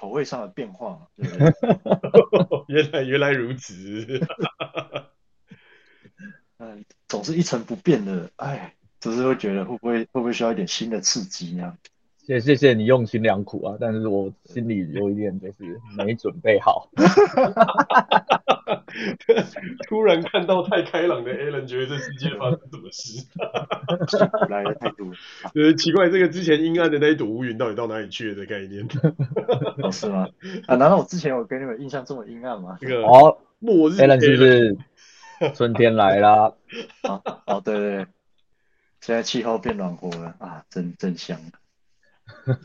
口味上的變化對不對？ 原來原來如此。 嗯，總是一成不變的，哎，只是會覺得會不會會不會需要一點新的刺激啊？也謝謝你用心良苦啊，但是我心裡有一點就是沒準備好， 突然看到太開朗的 Alan，覺得這世界發生什麼事， 來了太多，就是奇怪這個之前陰暗的那一朵烏雲到底到哪裡去了的概念。 哦，是嗎？啊，難道我之前有給你們印象這麼陰暗嗎？這個哦，Alan 是不是春天來了？ 好哦對對，現在氣候變暖和了啊，真真香。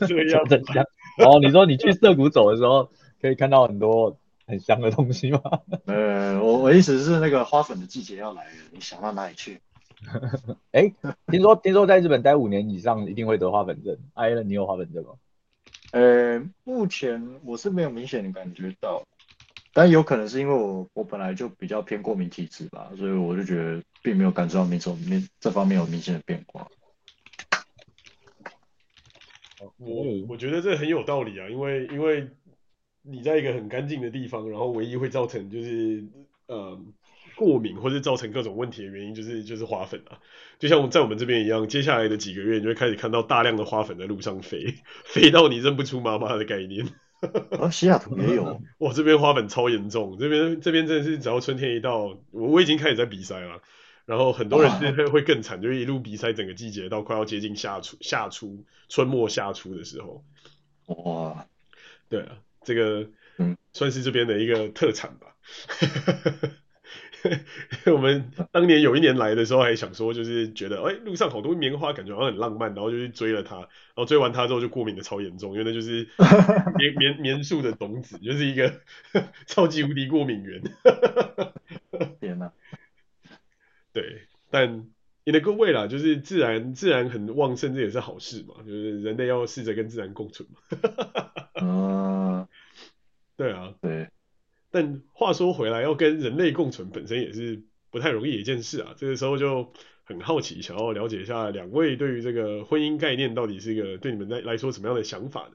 對呀， 哦，你說你去澀谷走的時候，可以看到很多很香的東西嗎？呃，我我意思是那個花粉的季節要來了，你想到哪裡去？誒，哎，聽說聽說在日本待五年以上一定會得花粉症，哎， 那你有花粉症嗎？呃，目前我是沒有明顯的感覺到，但有可能是因為我我本來就比較偏過敏體質吧，所以我就覺得並沒有感受到沒什麼沒，這方面有明顯的變化。我我覺得這很有道理啊，因為因為你在一個很乾淨的地方，然後唯一會造成就是呃過敏，或是造成各種問題的原因就是就是花粉啊，就像在我們這邊一樣，接下來的幾個月你就會開始看到大量的花粉在路上飛，飛到你認不出媽媽的概念。啊，西雅圖沒有，哇，這邊花粉超嚴重，這邊這邊真的是只要春天一到，我我已經開始在鼻塞了。然後很多人會更慘，哇就是一路比賽，整個季節到快要接近夏初，夏初，春末，夏初的時候，哇，對啊，這個算是這邊的一個特產吧。 我們當年有一年來的時候，還想說就是覺得哎，路上好多棉花，感覺好像很浪漫，然後就去追了它。然後追完它之後就過敏得超嚴重，因為那就是棉 棉棉樹的種子，就是一個超級無敵過敏源。 天哪，啊！對，但 in a good way，就是自然自然很旺盛，這也是好事嘛。就是人類要試着跟自然共存嘛。啊 ，uh, 對啊，對。但話說回來，要跟人類共存本身也是不太容易一件事啊。這個時候就很好奇，想要了解一下兩位對於這個婚姻概念到底是一個對你們來,來說什麼樣的想法呢？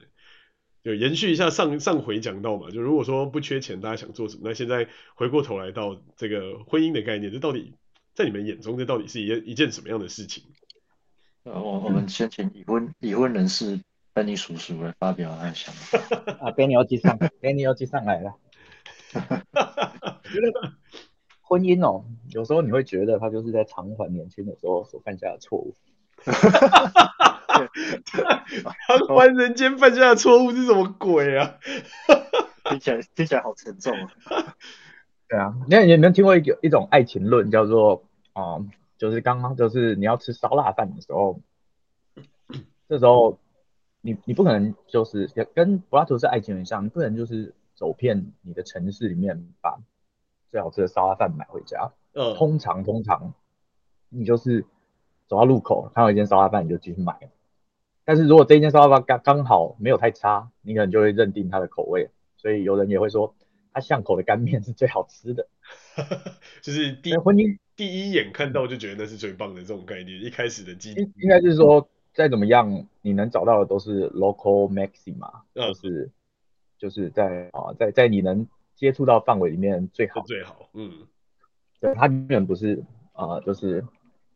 就延續一下上上回講到嘛，就如果說不缺錢，大家想做什麼？那現在回過頭來到這個婚姻的概念，這到底？在你們眼中，這到底是一一件什麼樣的事情？我、嗯嗯、我們先請已婚已婚人士 Beni 叔叔來發表他的想法 啊，Beni 要接上，Beni 要接上來，了 來婚姻哦、喔，有時候你會覺得他就是在償還年輕的時候所犯下的錯誤。償 還人間犯下的錯誤是什麼鬼啊？ 聽起來聽起來好沉重啊。 對啊，你有沒有聽過一個一種愛情論叫做啊、呃，就是剛剛就是你要吃燒臘飯的時候，這 時候你你不可能就是跟柏拉圖式愛情很像，你不能就是走遍你的城市裡面把最好吃的燒臘飯買回家。嗯。通常通常你就是走到路口看到一間燒臘飯你就進去買，但是如果這一間燒臘飯剛剛好沒有太差，你可能就會認定它的口味。所以有人也會說。他巷口的乾面是最好吃的， 就是第一婚姻第一眼看到就覺得那是最棒的這種概念，一開始的記憶應該就是說再怎麼樣你能找到的都是 local maxima、嗯，那、就是,是就是在啊在在你能接觸到範圍裡面最好最好嗯，對他永遠不是啊、呃、就是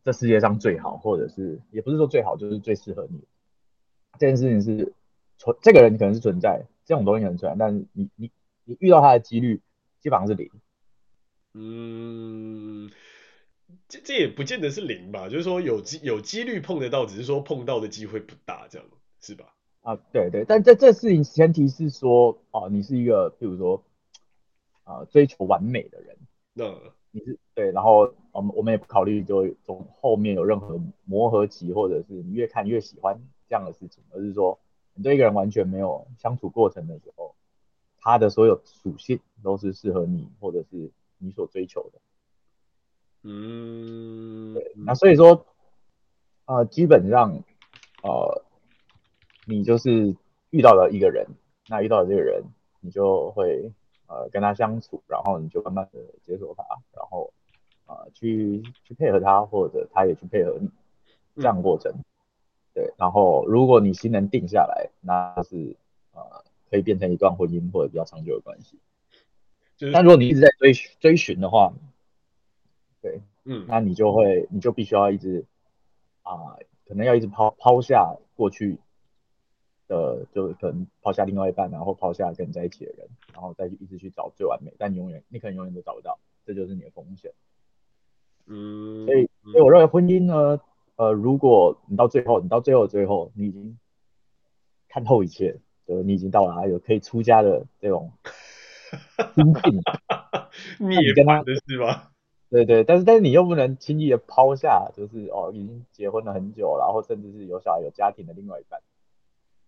這世界上最好或者是也不是說最好就是最適合你這件事情是存這個人可能是存在這種東西可能存在，但你你。你遇到他的幾率基本上是零。嗯，這這也不見得是零吧，就是說有機有幾率碰得到，只是說碰到的機會不大，這樣子是吧？啊，對對，但這這事情前提是說啊、呃，你是一個比如說啊、呃、追求完美的人，那你是對，然後我們我們也不考慮就從後面有任何磨合期，或者是你越看越喜歡這樣的事情，而是說你對一個人完全沒有相處過程的時候。他的所有屬性都是適合你，或者是你所追求的。嗯，那所以說，啊、呃，基本上，呃，你就是遇到了一個人，那遇到了這個人，你就會呃跟他相處，然後你就慢慢的接受他，然後啊、呃、去去配合他，或者他也去配合你，這樣過程。嗯、對。然後如果你心能定下來，那是啊。呃可以變成一段婚姻，或者比較長久的關係，就是，但如果你一直在追追尋的話，對，嗯，那你就會你就必須要一直啊、呃，可能要一直拋拋下過去的，就可能拋下另外一半，然後拋下跟你在一起的人，然後再去一直去找最完美，但你永遠你可能永遠都找不到，這就是你的風險。嗯，所以所以我認為婚姻呢，呃，如果你到最後你到最後最後你已經看透一切。就是你已經到了有可以出家的這種 的你也跟他的是吧？對對，但是但是你又不能輕易的拋下，就是哦，已經結婚了很久，然後甚至是有小孩有家庭的另外一半，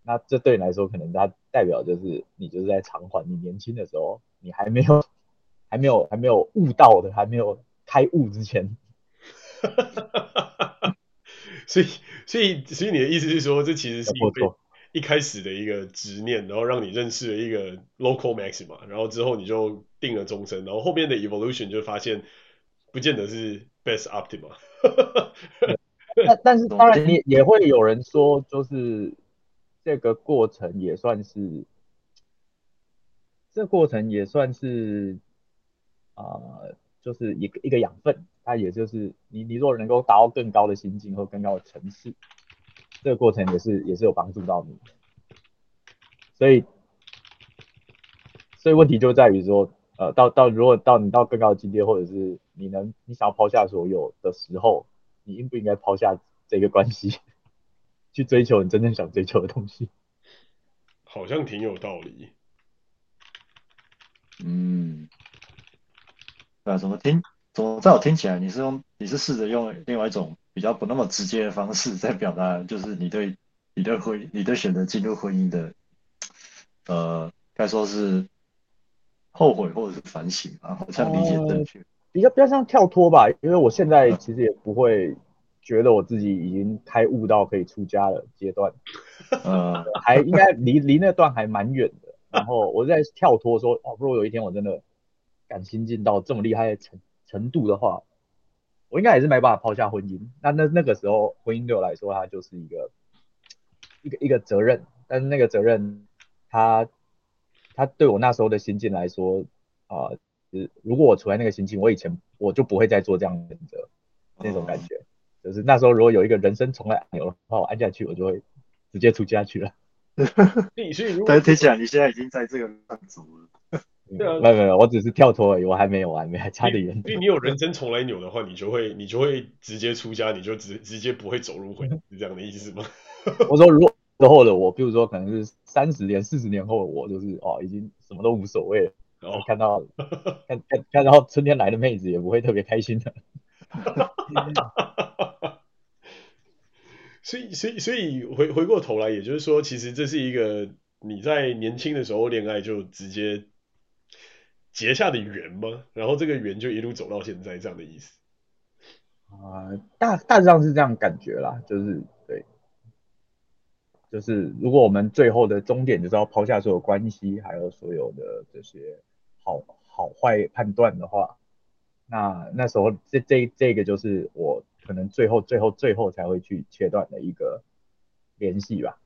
那這對你來說，可能它代表就是你就是在償還你年輕的時候你還沒有還沒有還沒有，還沒有悟到的，還沒有開悟之前，哈哈哈！所以所以所以你的意思是說，這其實是一筆。一開始的一個執念，然後讓你認識了一個 local max 嘛，然後之後你就定了終身，然後後面的 evolution 就發現，不見得是 best optimal。但 但是當然也也會有人說，就是這個過程也算是，這個、過程也算是啊、呃，就是一個一個養分，它也就是你你若能夠達到更高的心境和更高的層次。這個過程也是也是有幫助到你的，所以所以問題就在於說，呃，到到如果到你到更高的境界，或者是你能你想要拋下所有的時候，你應不應該拋下這個關係，去追求你真正想追求的東西？好像挺有道理。嗯。啊，怎麼聽怎麼在我聽起來，你是用你是試着用另外一種。比較不那麼直接的方式在表達，就是你對、你對婚、你對選擇進入婚姻的，呃，該說是後悔或者是反省啊，好像理解正確、呃，比較比較像跳脫吧。因為我現在其實也不會覺得我自己已經開悟到可以出家的階段，呃，還應該離離那段還蠻遠的。然後我在跳脫說， 哦，如果有一天我真的感情進到這麼厲害的程程度的話。我應該也是沒辦法拋下婚姻。那那那個時候，婚姻對我來說，它就是一個一個一個責任。但是那個責任，它它對我那時候的心境來說，啊、呃，如果我處在那個心情，我以前我就不會再做這樣的選擇。那種感覺，oh. 就是那時候如果有一個人生重來按鈕，那我按下去，我就會直接出家去了。但 是 聽起來你現在已經在這個當中了。對、啊、沒有沒有，我只是跳脫而已，我還沒有完，沒還差得遠。所以你有人生重來扭的話，你就會你就會直接出家，你就直直接不會走路回來，是這樣的意思嗎？ 我說如果之後的我，比如說可能是三十年、四十年後，我就是哦，已經什麼都無所謂了。然後、哦、 看到看看看到春天來的妹子也不會特別開心的。哈哈哈！哈哈！哈哈！所以所以所以回回過頭來，也就是說，其實這是一個你在年輕的時候戀愛就直接。結下的緣嗎？然後這個緣就一路走到現在這樣的意思啊，呃，大大致上是這樣的感覺啦，就是對，就是如果我們最後的終點就是要拋下所有關係，還有所有的這些好好壞判斷的話，那那時候這這這個就是我可能最後最後最後才會去切斷的一個聯繫吧。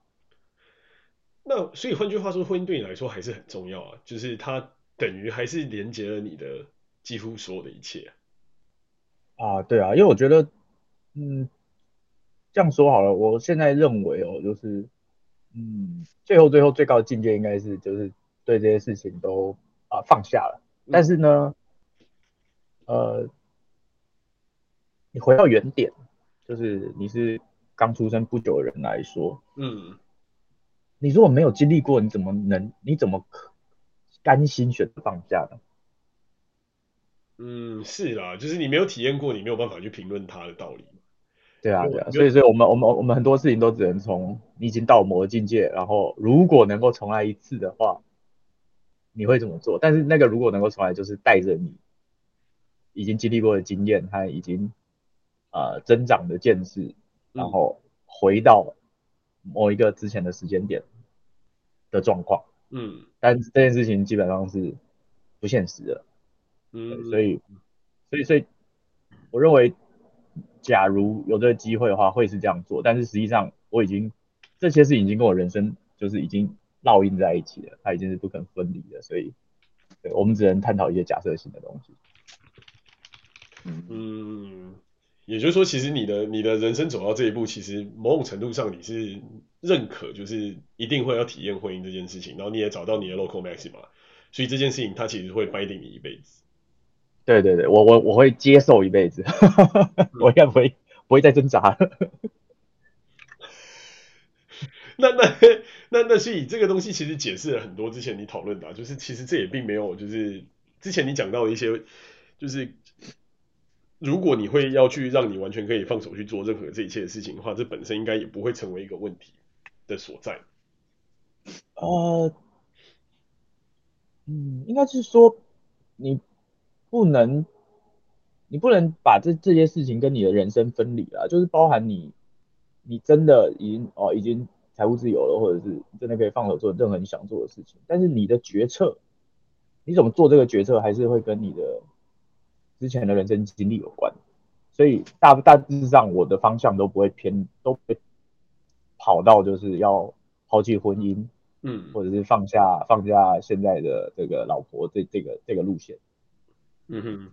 那所以換句話說，婚姻對你來說還是很重要啊，就是他。等於還是連接了你的幾乎所有的一切啊。啊，對啊，因為我覺得，嗯，這樣說好了，我現在認為哦，就是，嗯，最後最後最高的境界應該是就是對這些事情都啊放下了，但是呢，嗯、呃，你回到原點，就是你是剛出生不久的人來說，嗯，你如果沒有經歷過，你怎麼能你怎麼可？甘心選擇放假的，嗯，是啦，就是你沒有體驗過，你沒有辦法去評論他的道理。對啊，對啊，有所以，所以我們，我們，我們很多事情都只能從你已經到某個境界，然後如果能夠重來一次的話，你會怎麼做？但是那個如果能夠重來，就是帶着你已經經歷過的經驗，他已經呃增長的見識，然後回到某一個之前的時間點的狀況。嗯嗯，但這件事情基本上是不現實的，嗯，所以，所以，所以，我認為，假如有這個機會的話，會是這樣做。但是實際上，我已經這些事情已經跟我人生就是已經烙印在一起了，它已經是不可分離的，所以，對我們只能探討一些假設性的東西。嗯。也就是說，其實你的你的人生走到這一步，其實某種程度上你是認可，就是一定會要體驗婚姻這件事情，然後你也找到你的 local maxima 嘛。所以這件事情它其實會 binding 你一輩子。對對對，我我我會接受一輩子 我，我也不不會再掙扎了 那。那那那那，所以這個東西其實解釋了很多之前你討論的，就是其實這也並沒有，就是之前你講到的一些就是。如果你會要去讓你完全可以放手去做任何這一切事情的話，這本身應該也不會成為一個問題的所在。呃，嗯，應該是說你不能，你不能把這這些事情跟你的人生分離了，就是包含你，你真的已經哦已經財務自由了，或者是真的可以放手做任何你想做的事情。但是你的決策，你怎麼做這個決策，還是會跟你的。之前的人生經歷有關，所以大大致上，我的方向都不會偏，都不會跑到就是要拋棄婚姻，嗯，或者是放下放下現在的這個老婆這這個、這個、這個路線，嗯哼，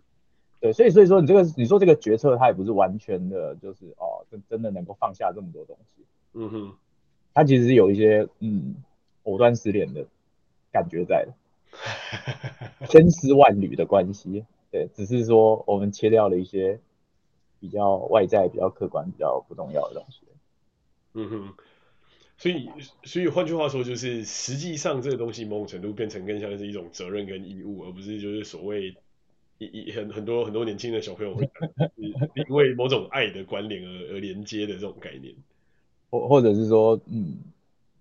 對，所以所以說你這個你說這個決策它也不是完全的，就是哦，就是哦，真真的能夠放下這麼多東西，嗯哼，它其實是有一些嗯藕斷絲連的感覺在的，千絲萬縷的關係。對，只是說我們切掉了一些比較外在、比較客觀、比較不重要的東西。嗯哼，所以所以換句話說，就是實際上這個東西某種程度變成更像是一種責任跟義務，而不是就是所謂一一很很多很多年輕的小朋友會因為某種愛的關聯而 而連接的這種概念，或或者是說，嗯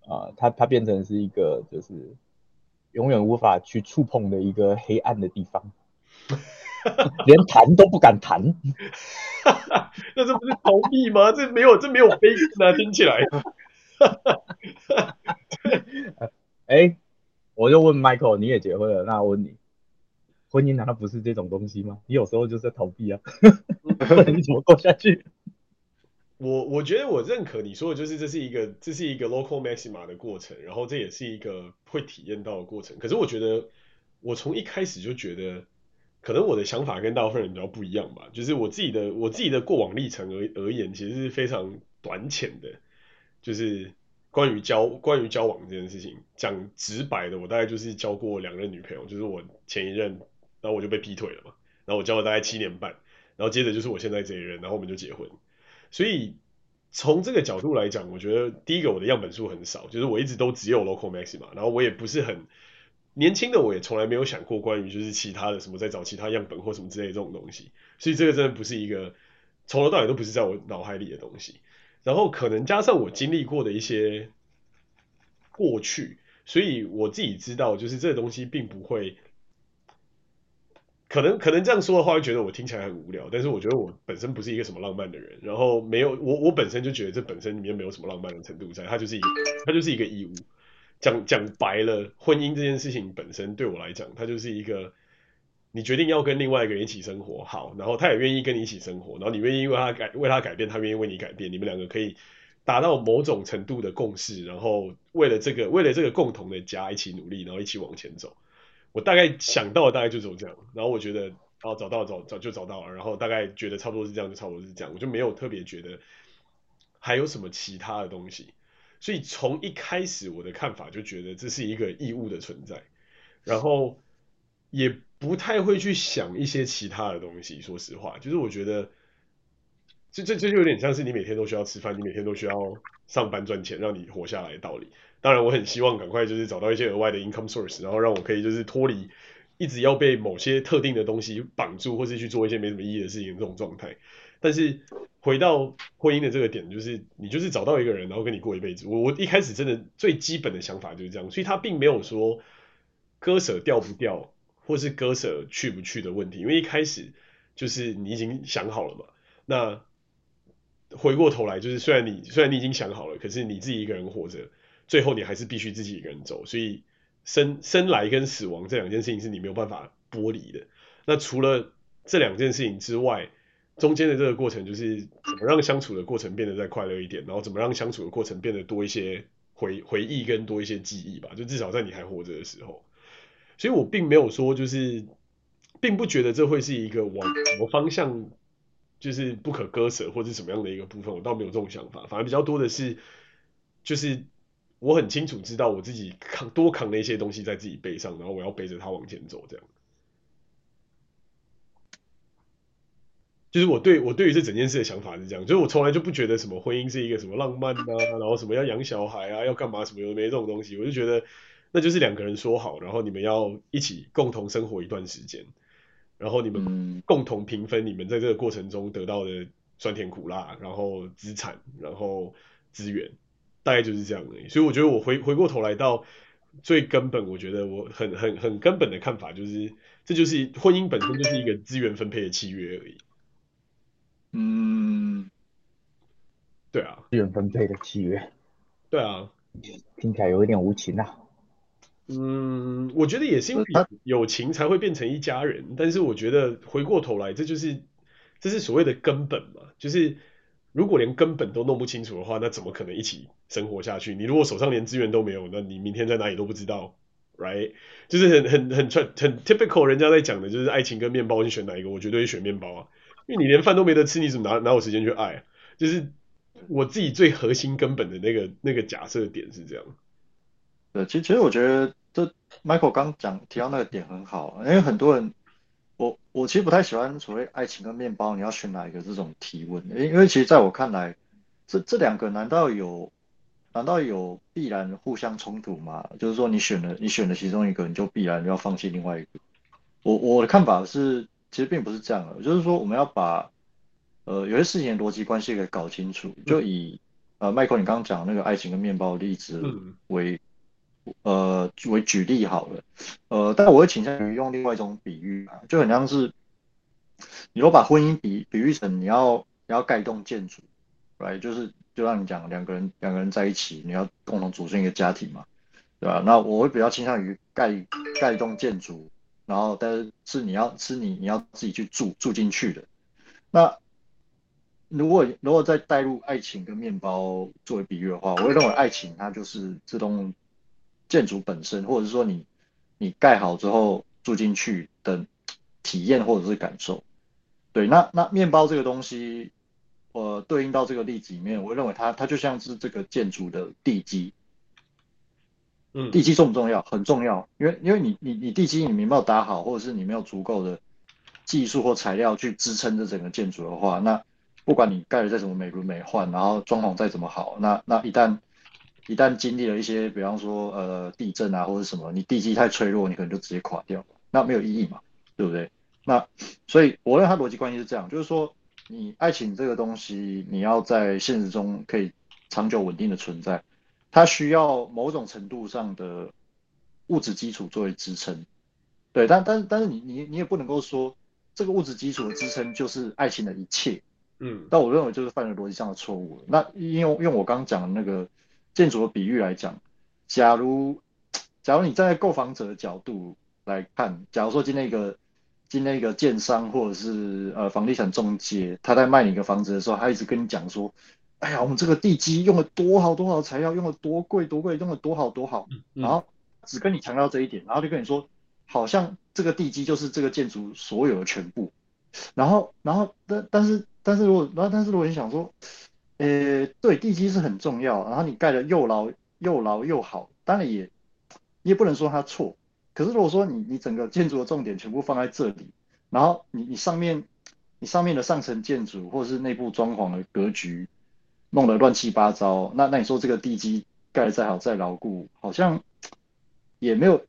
啊、呃，它它變成是一個就是永遠無法去觸碰的一個黑暗的地方。 連談都不敢談， 那這不是逃避嗎？ 這沒有，這沒有悲劇呢、啊，聽起來。哎 對、欸，我就問 Michael，你也結婚了，那我問你，婚姻難道不是這種東西嗎？你有時候就是在逃避啊， 你怎麼過下去？我我覺得我認可你說的，就是這是一個這是一個 Local Maxima 的過程，然後這也是一個會體驗到的過程。可是我覺得，我從一開始就覺得。可能我的想法跟大部分人比較不一樣吧，就是我自己的我自己的過往歷程而而言，其實是非常短淺的。就是關於交關於交往這件事情，講直白的，我大概就是交過兩任女朋友，就是我前一任，然後我就被劈腿了嘛，然後我交了大概七年半，然後接着就是我現在這一任，然後我們就結婚。所以從這個角度來講，我覺得第一個我的樣本數很少，就是我一直都只有 local max 嘛，然後我也不是很。年輕的我也從來沒有想過關於就是其他的什麼，在找其他樣本或什麼之類的這種東西，所以這個真的不是一個從頭到尾都不是在我腦海裡的東西。然後可能加上我經歷過的一些過去，所以我自己知道就是這個東西並不會，可能可能這樣說的話會覺得我聽起來很無聊，但是我覺得我本身不是一個什麼浪漫的人，然後沒有，我我本身就覺得這本身裡面沒有什麼浪漫的程度在，它就是一它就是一個義務。講講白了，婚姻這件事情本身對我來講，它就是一個你決定要跟另外一個人一起生活，好，然後他也願意跟你一起生活，然後你願意為他改，為他改變，他願意為你改變，你們兩個可以達到某種程度的共識，然後為了這個為了這個共同的家一起努力，然後一起往前走。我大概想到的大概就是這樣，然後我覺得哦、啊、找到了找找就找到了，然後大概覺得差不多是這樣，就差不多是這樣，我就沒有特別覺得還有什麼其他的東西。所以從一開始我的看法就覺得這是一個義務的存在，然後也不太會去想一些其他的東西。說實話，就是我覺得，這這這就有點像是你每天都需要吃飯，你每天都需要上班賺錢讓你活下來的道理。當然，我很希望趕快就是找到一些額外的 income source，然後讓我可以就是脫離一直要被某些特定的東西綁住，或是去做一些沒什麼意義的事情這種狀態。但是回到婚姻的這個點，就是你就是找到一個人，然後跟你過一輩子。我我一開始真的最基本的想法就是這樣，所以他並沒有說割捨掉不掉，或是割捨去不去的問題，因為一開始就是你已經想好了嘛。那回過頭來，就是雖然你雖然你已經想好了，可是你自己一個人活着，最後你還是必須自己一個人走。所以生生來跟死亡這兩件事情是你沒有辦法剝離的。那除了這兩件事情之外，中間的這個過程就是怎麼讓相處的過程變得再快樂一點，然後怎麼讓相處的過程變得多一些回回憶跟多一些記憶吧，就至少在你還活着的時候。所以我並沒有說就是，並不覺得這會是一個往什麼方向，就是不可割舍或者是什麼樣的一個部分，我倒沒有這種想法。反而比較多的是，就是我很清楚知道我自己扛多扛了一些東西在自己背上，然後我要背着它往前走這樣。就是我對我對於這整件事的想法是這樣，就是我從來就不覺得什麼婚姻是一個什麼浪漫吶、啊，然後什麼要養小孩啊，要幹嘛什麼有沒有這種東西，我就覺得那就是兩個人說好，然後你們要一起共同生活一段時間，然後你們共同平分你們在這個過程中得到的酸甜苦辣，然後資產，然後資源，資源，大概就是這樣而已。所以我覺得我回回過頭來到最根本，我覺得我很很很根本的看法就是，這就是婚姻本身就是一個資源分配的契約而已。嗯，對啊，資源分配的契約，對啊，聽起來有一點無情啊。嗯，我覺得也是因為友情才會變成一家人，啊、但是我覺得回過頭來，這就是，這是所謂的根本嘛，就是如果連根本都弄不清楚的話，那怎麼可能一起生活下去？你如果手上連資源都沒有，那你明天在哪裡都不知道，right？就是很很很很 typical 人家在講的就是愛情跟麵包，你選哪一個？我絕對會選麵包啊。因為你連飯都沒得吃，你怎麼拿，拿我有時間去愛？就是我自己最核心根本的那個那個假設點是這樣。對，其實其實我覺得，這 Michael 剛講提到那個點很好，因為很多人，我我其實不太喜歡所謂愛情跟面包，你要選哪一個這種提問，因因為其實在我看來，這這兩個難道有難道有必然互相衝突嗎？就是說你選了你選了其中一個，你就必然要放棄另外一個。我我的看法是。其實並不是這樣的，就是說我們要把呃有些事情的邏輯關係給搞清楚，就以、嗯、呃 Michael 你剛剛講那個愛情跟面包的例子為、嗯、呃為舉例好了，呃，但我會傾向於用另外一種比喻啊，就很像是，你說把婚姻比比喻成你要你要蓋棟建築，來、right? 就是就讓你講兩個人兩個人在一起，你要共同組成一個家庭嘛，對吧、啊？那我會比較傾向於蓋蓋一棟建築。然後，但是是你要吃你你要自己去住住進去的。那如果如果再帶入愛情跟面包作為比喻的話，我會認為愛情它就是這棟建築本身，或者是說你你蓋好之後住進去的體驗或者是感受。對，那那麵包這個東西，呃，對應到這個例子裡面，我認為它它就像是這個建築的地基。嗯，地基重不重要？很重要，因為因為你你你地基你沒有打好，或者是你沒有足夠的技術或材料去支撐這整個建築的話，那不管你蓋的再怎麼美輪美奐，然後裝潢再怎麼好，那那一旦一旦經歷了一些，比方說呃地震啊或者什麼，你地基太脆弱，你可能就直接垮掉，那沒有意義嘛，對不對？那所以我認為它邏輯關係是這樣，就是說你愛情這個東西，你要在現實中可以長久穩定的存在。它需要某種程度上的物質基礎作為支撐，對，但但但是你你你也不能夠說這個物質基礎的支撐就是愛情的一切，嗯，但我認為就是犯了邏輯上的錯誤。那因為用我剛剛講的那個建築的比喻來講，假如假如你站在購房者的角度來看，假如說今天一個今天一個建商或者是呃房地產中介他在賣你一個房子的時候，他一直跟你講說，哎呀，我們這個地基用了多好多好的材料，用了多貴多貴，用了多好多好。然後只跟你強調這一點，然後就跟你說，好像這個地基就是這個建築所有的全部。然後，然後，但但是，但是如果，然後，但是如果你想說，呃、欸，對，地基是很重要。然後你蓋得又牢又牢又好，當然也你也不能說它錯。可是如果說你你整個建築的重點全部放在這裡，然後你你上面你上面的上層建築或者是內部裝潢的格局。弄得亂七八糟，那那你說這個地基蓋的再好再牢固，好像也沒有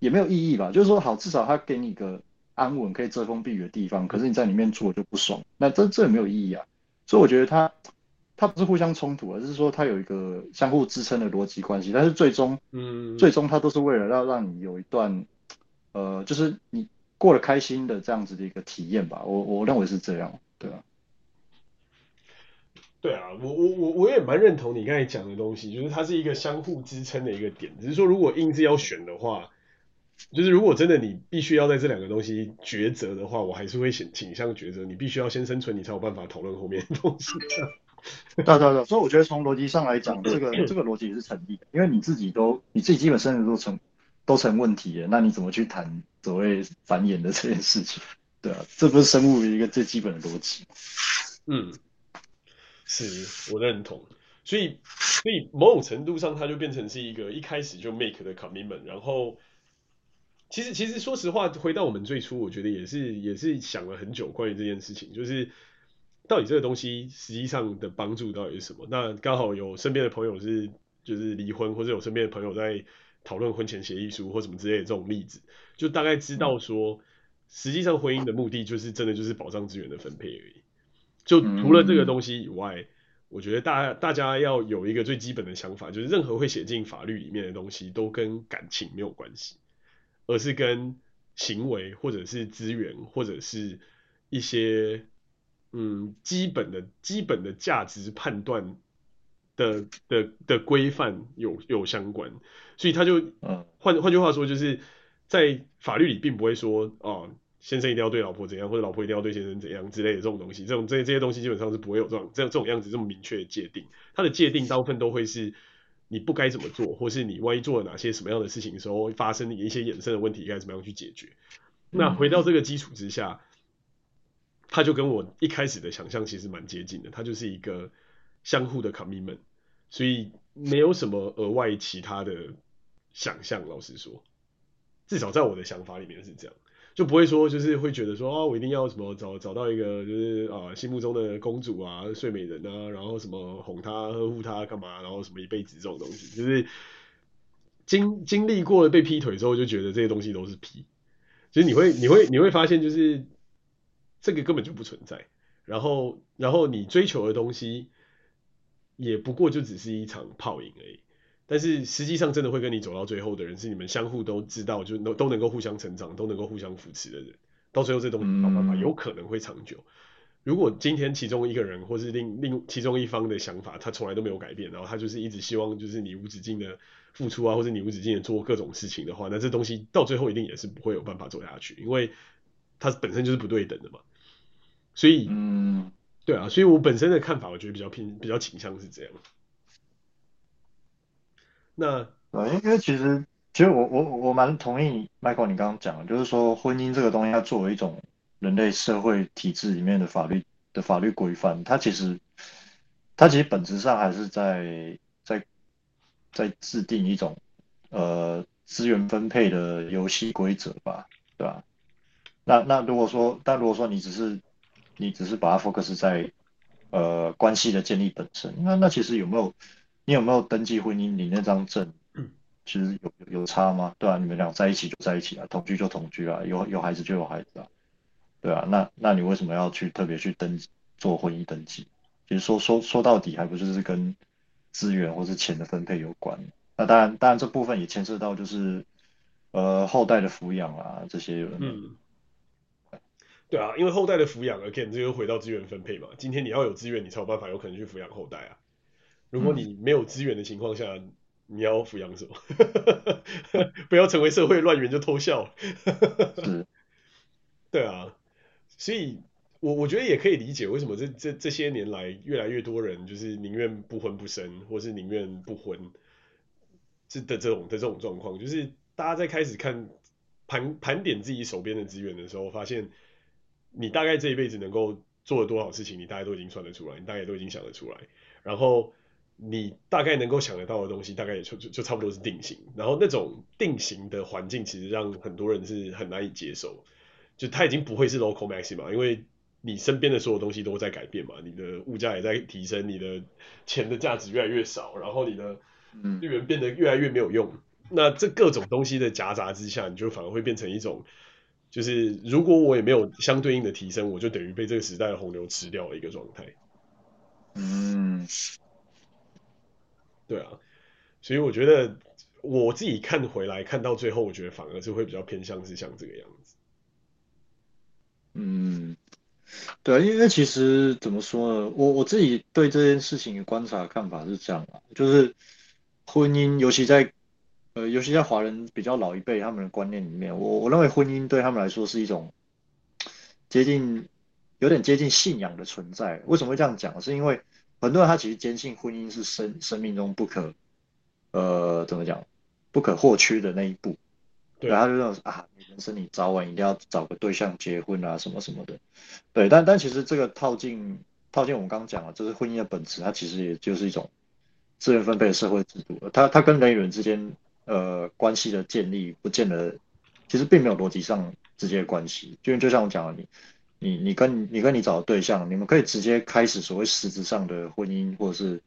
也沒有意義吧？就是說好，至少它給你一個安穩可以遮風避雨的地方，可是你在裡面住就不爽，那這這也沒有意義啊。所以我覺得它它不是互相衝突，而是說它有一個相互支撐的邏輯關係。但是最終，嗯，最終它都是為了要讓你有一段，呃，就是你過得開心的這樣子的一個體驗吧。我我認為是這樣，對吧？對對啊，我我我我也蠻認同你剛才講的東西，就是它是一個相互支撐的一個點。只是說，如果硬是要選的話，就是如果真的你必須要在這兩個東西抉擇的話，我還是會選傾向抉擇。你必須要先生存，你才有辦法討論後面的東西。對對對。所以我覺得從邏輯上來講，這個這個邏輯也是成立的，因為你自己都你自己基本生存都成都成問題了，那你怎麼去談所謂繁衍的這件事情？對啊，這不是生物一個最基本的邏輯。嗯。是，我認同，所以所以某種程度上，它就變成是一個一開始就 make 的 commitment。然後，其實其實說實話，回到我們最初，我覺得也是也是想了很久關於這件事情，就是到底這個東西實際上的幫助到底是什麼？那剛好有身邊的朋友是就是離婚，或者有身邊的朋友在討論婚前協議書或什麼之類的這種例子，就大概知道說，實際上婚姻的目的就是真的就是保障資源的分配而已。就除了這個東西以外，嗯、我覺得大大家要有一個最基本的想法，就是任何會寫進法律裡面的東西都跟感情沒有關係，而是跟行為或者是資源或者是一些嗯基本的基本的價值判斷的的的規範有有相關，所以他就換換句話說，就是在法律裡並不會說哦。啊先生一定要對老婆怎樣，或者老婆一定要對先生怎樣之類的這種東西，這種這這些東西基本上是不會有這種這樣這種樣子這麼明確的界定。它的界定大部分都會是你不該怎麼做，或是你萬一做了哪些什麼樣的事情的時候，發生一些衍生的問題，該怎麼樣去解決。嗯。那回到這個基礎之下，它就跟我一開始的想象其實蠻接近的。它就是一個相互的 commitment，所以沒有什麼額外其他的想象。老實說，至少在我的想法裡面是這樣。就不會說，就是會覺得說啊、哦，我一定要什麼找找到一個，就是啊、呃、心目中的公主啊，睡美人啊，然後什麼哄她、呵護她幹嘛，然後什麼一輩子這種東西，就是經經歷過了被劈腿之後，就覺得這些東西都是屁。其實你會你會你會發現，就是這個根本就不存在，然後然後你追求的東西，也不過就只是一場泡影而已。但是實際上，真的會跟你走到最後的人，是你們相互都知道，就都都能夠互相成長，都能夠互相扶持的人。到最後，這東西有辦法有可能會長久。如果今天其中一個人，或是另另其中一方的想法，他從來都沒有改變，然後他就是一直希望就是你無止境的付出啊，或者你無止境的做各種事情的話，那這東西到最後一定也是不會有辦法走下去，因為他本身就是不對等的嘛。所以，嗯，對啊，所以我本身的看法，我覺得比較偏，比較傾向是這樣。呃，嗯、因為其實其實我我我蠻同意 Michael 你剛剛講的，就是說婚姻這個東西，它作為一種人類社會體制裡面的法律的法律規範，它其實它其實本質上還是在在在制定一種呃資源分配的遊戲規則吧，對吧？那那如果說但如果說你只是你只是把它 focus 在呃關係的建立本身，那那其實有沒有？你有沒有登記婚姻？你那張證，其實有有，有差嗎？對啊，你們倆在一起就在一起啊，同居就同居了啊，有有孩子就有孩子啊。對啊，那那你為什麼要去特別去登做婚姻登記？其實說說說到底，還不就是跟資源或是錢的分配有關？那當然當然這部分也牽涉到就是呃後代的撫養啊這些有沒有。嗯，對啊，因為後代的撫養，again，這就回到資源分配嘛。今天你要有資源，你才有辦法有可能去撫養後代啊。如果你沒有資源的情況下，嗯、你要撫養什麼？ 不要成為社會亂源就偷笑。是， 對啊，所以，我我覺得也可以理解為什麼這這這些年來越來越多人就是寧願不婚不生，或是寧願不婚，這的這種的這種狀況，就是大家在開始看盤盤點自己手邊的資源的時候，發現你大概這一輩子能夠做了多少事情，你大概都已經算得出來，你大概都已經想得出來，然後。你大概能夠想得到的東西，大概也就就差不多是定型。然後那種定型的環境，其實讓很多人是很難以接受。就它已經不會是 local max 嘛，因為你身邊的所有東西都在改變嘛，你的物價也在提升，你的錢的價值越來越少，然後你的日元變得越來越沒有用。那這各種東西的夾雜之下，你就反而會變成一種，就是如果我也沒有相對應的提升，我就等於被這個時代的洪流吃掉了一個狀態。嗯。對啊，所以我覺得我自己看回來看到最後，我覺得反而就會比較偏向是像這個樣子。嗯，對啊，因為其實怎麼說呢，我我自己對這件事情的觀察的看法是這樣啊，就是婚姻，尤其在呃，尤其在華人比較老一輩他們的觀念裡面，我我認為婚姻對他們來說是一種接近，有點接近信仰的存在。為什麼會這樣講？是因為很多人他其實堅信婚姻是生生命中不可，呃，怎麼講，不可或缺的那一步。對，他就認為啊，你人生你早晚一定要找個對象結婚啊，什麼什麼的。對，但但其實這個套進套進，我們剛剛講了，這、就是婚姻的本質，它其實也就是一種資源分配的社會制度。它它跟人與人之間呃關係的建立，不見得其實並沒有邏輯上直接的關係。因就，就像我講的，你。你你跟你，你跟你找的對象，你們可以直接開始所謂實質上的婚姻，或者是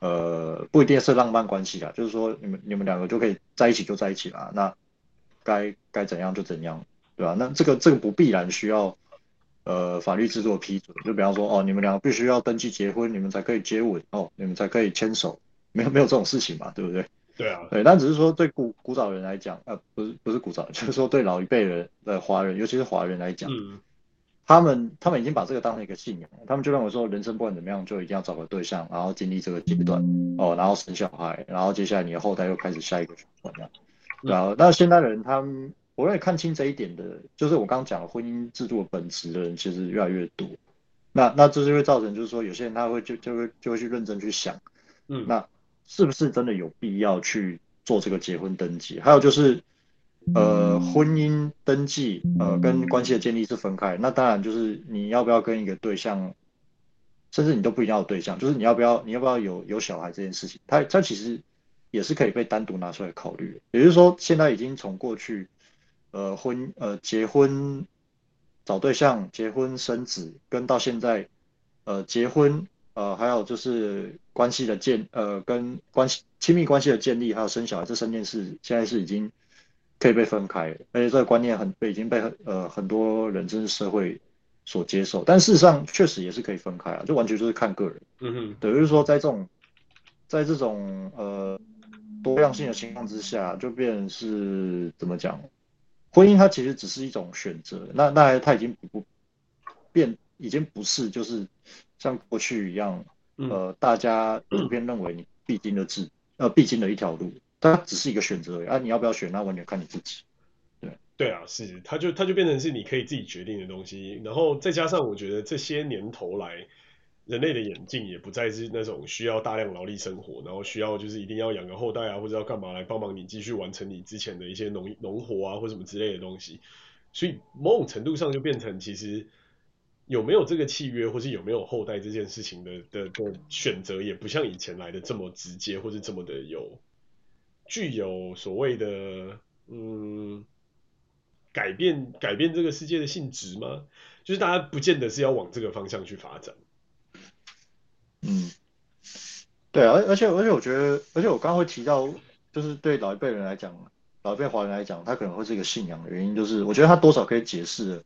呃，不一定是浪漫關係啦。就是說你，你們你們兩個就可以在一起就在一起啦。那該該怎樣就怎樣，對吧、啊？那這個這個不必然需要呃法律制度的批准。就比方說，哦，你們兩個必須要登記結婚，你們才可以接吻哦，你們才可以牽手，沒有沒有這種事情嘛，對不對？對啊，對。那只是說對古古早人來講，呃，不是不是古早，就是說對老一輩人的華、呃、人，尤其是華人來講。嗯他們他們已經把這個當成一個信仰，他們就認為說，人生不管怎麼樣，就一定要找個對象，然後經歷這個階段哦，然後生小孩，然後接下來你的後代又開始下一個循環。然後、嗯、那現代人，他們我也看清這一點的，就是我剛剛講的婚姻制度的本質的人，其實越來越多。那那這是會造成，就是說有些人他會就就會就會去認真去想，嗯，那是不是真的有必要去做這個結婚登記？還有就是。呃，婚姻登記，呃，跟關係的建立是分開。那當然就是你要不要跟一個對象，甚至你都不一定要對象，就是你要不要你要不要有有小孩這件事情，它它其實也是可以被單獨拿出來考慮的。也就是說，現在已經從過去，呃，婚呃結婚找對象、結婚生子，跟到現在，呃，結婚呃，還有就是關係的建呃跟關係親密關係的建立，還有生小孩這三件事，現在是已經。可以被分開，而且這個觀念很被已經被很呃很多人甚至社會所接受，但事實上確實也是可以分開啊，就完全就是看個人。嗯哼，等於、就是、說在這種，在這種呃多樣性的情況之下，就變成是怎麼講？婚姻它其實只是一種選擇，那那它已經不變，已經不是就是像過去一樣，呃，大家普遍認為你必經的字、嗯、呃必經的一條路。它只是一個選擇而已啊，你要不要選？那我完全看你自己。對對啊，是，它就它就變成是你可以自己決定的東西。然後再加上我覺得這些年頭來，人類的演進也不再是那種需要大量勞力生活，然後需要就是一定要養個後代啊，或者要幹嘛來幫忙你繼續完成你之前的一些農農活啊，或什麼之類的東西。所以某種程度上就變成其實有沒有這個契約，或是有沒有後代這件事情的的的選擇，也不像以前來的這麼直接，或是這麼的有。具有所謂的嗯改變改變這個世界的性質嗎？就是大家不見得是要往這個方向去發展。嗯，對啊，而而且而且我覺得，而且我剛剛會提到，就是對老一輩人來講，老一輩華人來講，他可能會是一個信仰的原因，就是我覺得他多少可以解釋，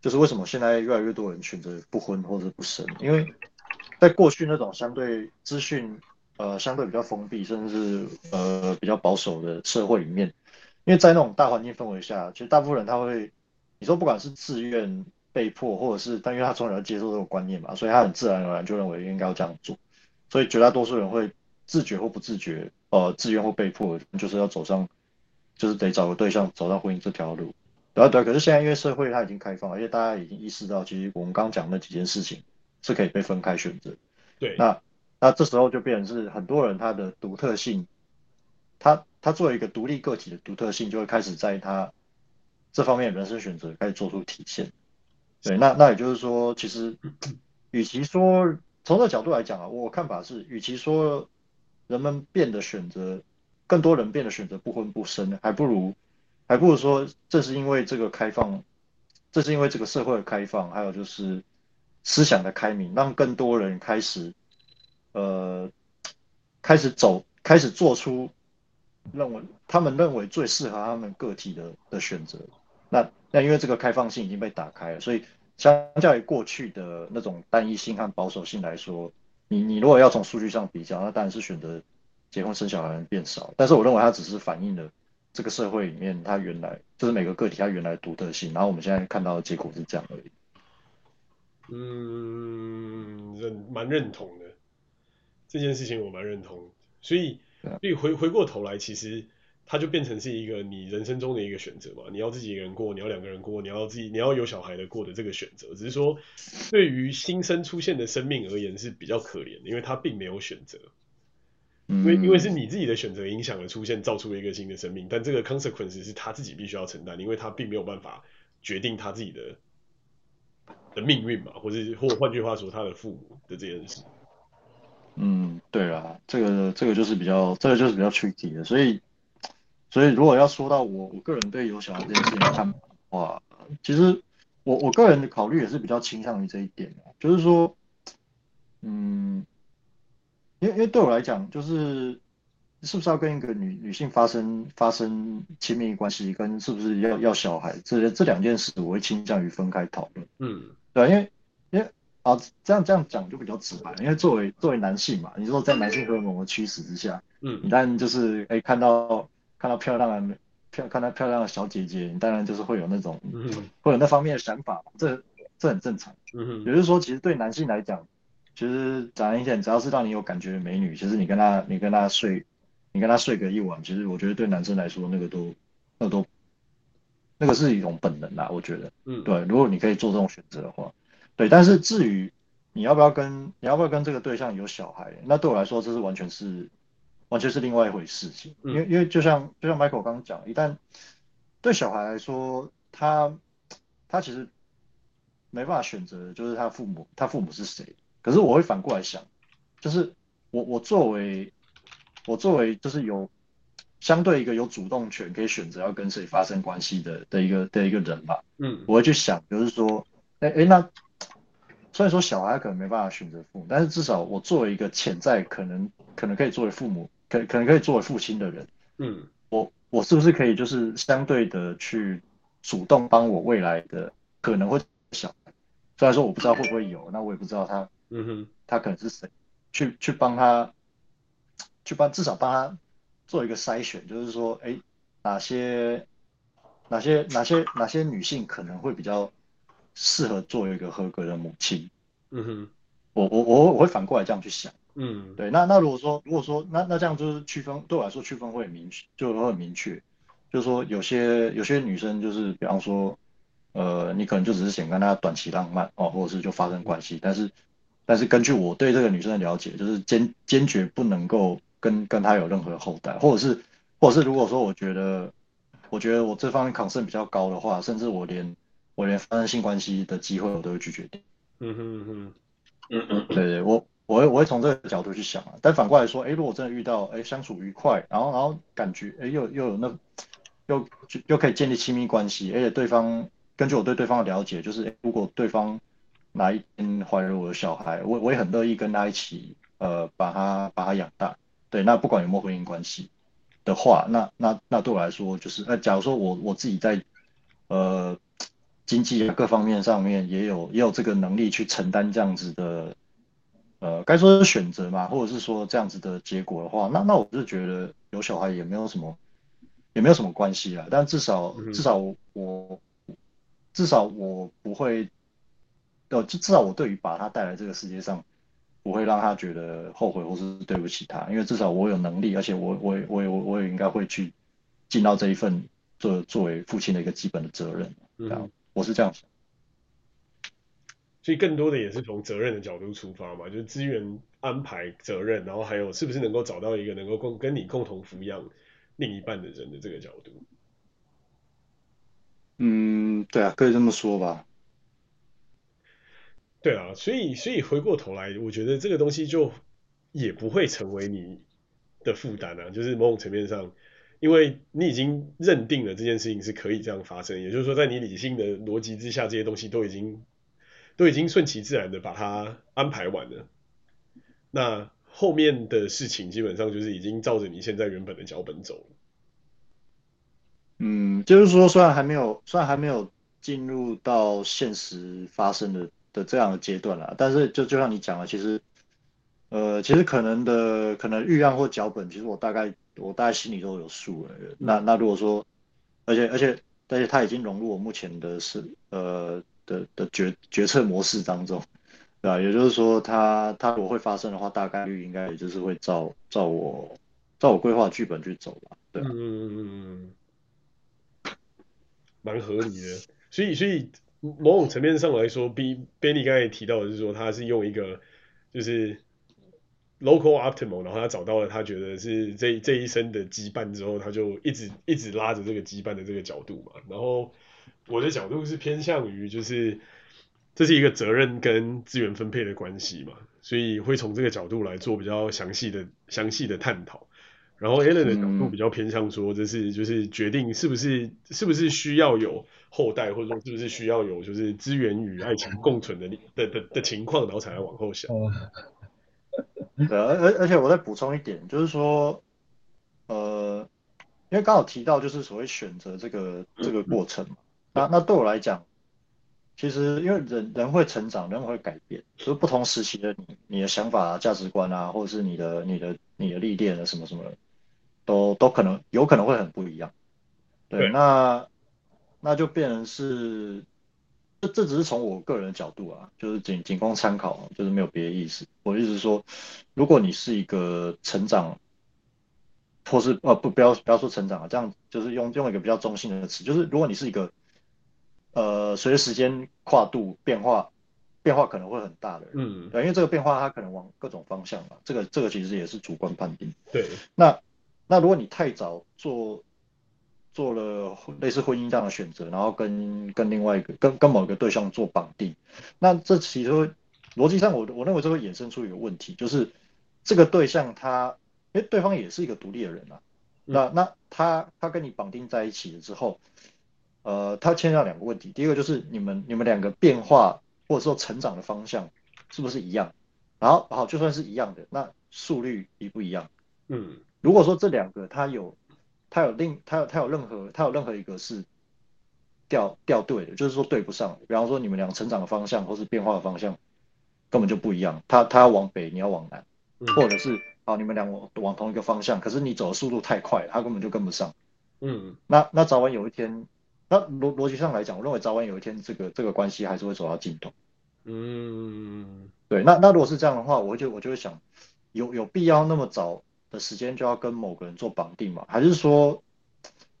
就是為什麼現在越來越多人選擇不婚或者不生，因為在過去那種相對資訊。呃，相對比較封閉，甚至是呃比較保守的社會裡面，因為在那種大環境氛圍下，其實大部分人他會，你說不管是自願、被迫，或者是，但因為他從小接受這種觀念嘛，所以他很自然而然就認為應該要這樣做，所以絕大多數人會自覺或不自覺，呃，自願或被迫，就是要走上，就是得找個對象，走到婚姻這條路，對啊對啊。可是現在因為社會它已經開放了，而且大家已經意識到，其實我們剛剛講的那幾件事情是可以被分開選擇，對，那。那這時候就變成是很多人他的獨特性，他他作為一個獨立個體的獨特性，就會開始在他這方面的人生選擇開始做出體現。對，那那也就是說，其實與其說從這個角度來講啊，我看法是，與其說人們變得選擇，更多人變得選擇不婚不生，還不如還不如說，正是因為這個開放，正是因為這個社會的開放，還有就是思想的開明，讓更多人開始。呃，開始走，開始做出認為他們認為最適合他們個體的的選擇。那那因為這個開放性已經被打開了，所以相較於過去的那種單一性和保守性來說，你你如果要從數據上比較，那當然是選擇結婚生小孩變少。但是我認為它只是反映了這個社會裡面它原來就是每個個體它原來獨特性，然後我們現在看到的結果是這樣而已。嗯，認蠻認同的。這件事情我蠻認同，所以所以回回過頭來，其實它就變成是一個你人生中的一個選擇嘛，你要自己一個人過，你要兩個人過，你要自己你要有小孩的過的這個選擇，只是說對於新生出現的生命而言是比較可憐的，因為他並沒有選擇，因為因為是你自己的選擇影響了出現造出了一個新的生命，但這個 consequence 是他自己必須要承擔，因為他並沒有辦法決定他自己的的命運嘛，或者或換句話說，他的父母的這件事。嗯，對啦，這個這個就是比較，這個就是比較 tricky 的，所以所以如果要說到我我個人對有小孩這件事情的看法的話，其實我我個人的考慮也是比較傾向於這一點，就是說，嗯，因為因為對我來講，就是是不是要跟一個女女性發生發生親密關係，跟是不是要要小孩，這這兩件事，我會傾向於分開討論。嗯，對，因為。哦，這樣這樣講就比較直白，因為作為作為男性嘛，你說在男性荷爾蒙的驅使之下，嗯，你當然就是可以、欸、看到看到漂亮的、漂看到漂亮的小姐姐，你當然就是會有那種，嗯，會有那方面的想法，這這很正常。嗯，嗯也就是說，其實對男性來講，其實講一點，只要是讓你有感覺的美女，其實你跟她你跟她睡，你跟她睡個一晚，其實我覺得對男生來說，那個都，那個、都，那個是一種本能啦，我覺得。嗯，對，如果你可以做這種選擇的話。對，但是至於你要不要跟你要不要跟這個對象有小孩，那對我來說這是完全是完全是另外一回事情。因為因為就像就像 Michael 剛剛講，一旦對小孩來說，他他其實沒辦法選擇，就是他父母他父母是誰。可是我會反過來想，就是我我作為我作為就是有相對一個有主動權可以選擇要跟誰發生關係的的一個的一個人吧。嗯，我會去想，就是說，哎、欸、哎、欸、那。雖然說小孩可能沒辦法選擇父母，但是至少我作為一個潛在可能，可能可以作為父母，可可能可以作為父親的人，嗯，我我是不是可以就是相對的去主動幫我未來的可能會小孩，雖然說我不知道會不會有，那我也不知道他，嗯哼，他可能是誰，去去幫他，去幫至少幫他做一個篩選，就是說，哎、欸，哪些哪些哪些哪些女性可能會比較。適合做一個合格的母親。嗯哼，我我我我會反過來這樣去想。嗯哼，對。那那如果說如果說那那這樣就是區分對我來說區分會很明確，就會很明確。就是說有些有些女生就是，比方說，呃，你可能就只是想跟她短期浪漫哦，或者是就發生關係。但是但是根據我對這個女生的了解，就是堅堅決不能夠跟跟她有任何後代，或者是或者是如果說我覺得我覺得我這方面 concern 比較高的話，甚至我連。我連發生性關係的機會我都會拒絕掉。對對，對，我我會我會從這個角度去想啊。但反過來說，哎，如果真的遇到，哎，相處愉快，然後然後感覺，哎，又有又有那，又又可以建立親密關係，而且對方根據我對對方的了解，就是、欸，如果對方哪一天懷了我的小孩，我我也很樂意跟他一起，呃，把他把他養大。對，那不管有沒有婚姻關係的話，那那那對我來說就是，那，假如說我我自己在，呃。經濟各方面上面也有也有這個能力去承擔這樣子的，呃，該說選擇嘛，或者是說這樣子的結果的話，那那我是覺得有小孩也沒有什麼也沒有什麼關係啊。但至少、嗯哼，至少我至少我不會，呃，至少我對於把他帶來這個世界上，不會讓他覺得後悔或是對不起他，因為至少我有能力，而且我我我我我也應該會去盡到這一份作作為父親的一個基本的責任，嗯。我是這樣子，所以更多的也是從責任的角度出發嘛，就是資源安排責任，然後還有是不是能夠找到一個能夠共跟你共同撫養另一半的人的這個角度。嗯，對啊，可以這麼說吧。對啊，所以所以回過頭來，我覺得這個東西就也不會成為你的負擔啊，就是某種層面上。因為你已經認定了這件事情是可以這樣發生，也就是說，在你理性的邏輯之下，這些東西都已經都已經順其自然的把它安排完了。那後面的事情基本上就是已經照着你現在原本的腳本走。嗯，就是說，雖然還沒有，雖然還沒有進入到現實發生的的這樣的階段了，但是就就像你講了，其實，呃，其實可能的可能預案或腳本，其實我大概。我大概心裡都有數了。那那如果說，而且而且而且他已經融入我目前的是呃的的決決策模式當中，對吧、啊？也就是說他，他他如果會發生的話，大概率應該也就是會照照我照我規劃劇本去走吧。對吧、啊？嗯嗯嗯，蠻合理的。所以所以某種層面上來說比 Benny 剛才提到的就是說，他是用一個就是。local optimal，、um, 然後他找到了他覺得是這這一生的羈絆之後，他就一直一直拉着這個羈絆的這個角度嘛。然後我的角度是偏向於就是這是一個責任跟資源分配的關係嘛，所以會從這個角度來做比較詳細的詳細的探討。然後 Alan 的角度比較偏向說這是就是決定是不是是不是需要有後代，或者說是不是需要有就是資源與愛情共存的的的的情況，然後才來往後想。而而而且我再補充一點，就是說，呃，因為剛好提到就是所謂選擇這個這個過程嘛，嗯，那那對我來講，其實因為人人會成長，人會改變，所以不同時期的你，你的想法、價值觀啊，或者是你的你的你的歷練啊，什麼什麼的，都都可能有可能會很不一樣。對，對，那那就變成是。這這只是從我個人的角度啊，就是僅僅供參考啊，就是沒有別的意思。我的意思是說，如果你是一個成長，或是呃不不要不要說成長啊，這樣就是用用一個比較中性的詞，就是如果你是一個呃隨着時間跨度變化變化可能會很大的人，嗯，對，因為這個變化它可能往各種方向嘛。這個這個其實也是主觀判定。對，那那如果你太早做。做了類似婚姻這樣的選擇，然後跟跟另外一個跟跟某一個對象做綁定，那這其實邏輯上我，我我認為這會衍生出一個問題，就是這個對象他，因為對方也是一個獨立的人啊，嗯、那那他他跟你綁定在一起了之後，呃，他牽涉到兩個問題，第一個就是你們你們兩個變化或者說成長的方向是不是一樣？然後好，就算是一樣的，那速率一不一樣？嗯，如果說這兩個他有。他有另他有他有任何他有任何一個是掉掉隊的，就是說對不上。比方說你們倆成長的方向或是變化的方向根本就不一樣，他他要往北，你要往南，或者是好，你們倆往往同一個方向，可是你走的速度太快，他根本就跟不上。嗯，那那早晚有一天，那邏邏輯上來講，我認為早晚有一天這個這個關係還是會走到盡頭。嗯，對。那那如果是這樣的話，我就我就會想，有有必要那麼早，的時間就要跟某個人做綁定嘛？還是說，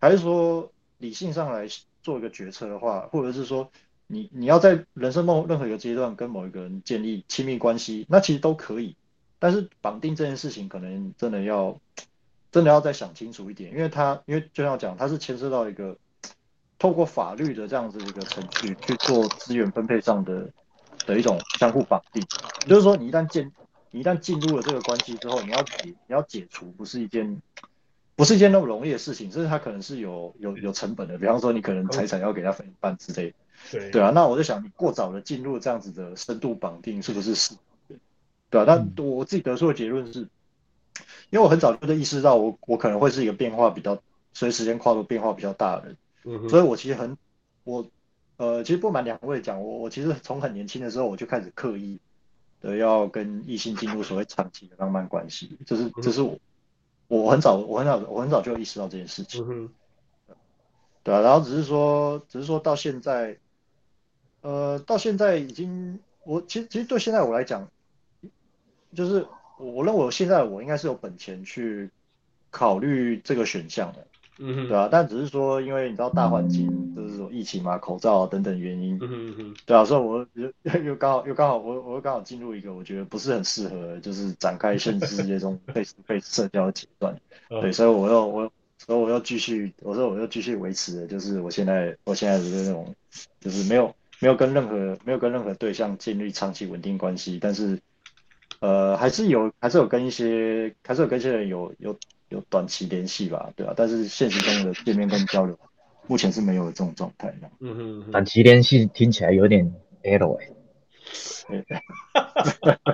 還是說理性上來做一個決策的話，或者是說你你要在人生某任何一個階段跟某一個人建立親密關係，那其實都可以。但是綁定這件事情，可能真的要真的要，真的要再想清楚一點，因為他因為就像我講，他是牽涉到一個透過法律的這樣子一個程序，去做資源分配上的的一種相互綁定，也就是說你一旦建你一旦進入了這個關係之後，你要解你要解除，不是一件不是一件那麼容易的事情，就是它可能是有有有成本的。比方說，你可能財產要給他分一半之類的，對，對啊。那我就想，你過早的進入這樣子的深度綁定，是不是是？對啊。那我自己得出的結論是，嗯、因為我很早就，就意識到我，我我可能會是一個變化比較隨時間跨度變化比較大的人，嗯、哼所以我其實很我呃，其實不瞞兩位講，我我其實從很年輕的時候我就開始刻意。的要跟異性進入所謂長期的浪漫關係，這、就是這、就是我我很早我很早我很早就意識到這件事情，對啊，然後只是說只是說到現在，呃，到現在已經我其實其實對現在我來講，就是我認為現在我應該是有本錢去考慮這個選項的，嗯，對啊，嗯、哼但只是說因為你知道大環境。嗯疫情嘛，口罩、啊、等等原因，嗯、哼哼對啊，所以我又又剛好又剛好，我我又剛好進入一個我覺得不是很適合，就是展開現實世界中 配配社交的階段，嗯、對，所以我又我所以我又繼續，我說我又繼續維持，就是我現在我現在是那種，就是沒有沒有跟任何沒有跟任何對象建立長期穩定關係，但是呃還是有還是有跟一些還是有跟一些人有有有短期聯繫吧，對吧、啊？但是現實中的見面跟交流。 目前是沒有這種狀態，那短期聯繫聽起來有點 e r、欸、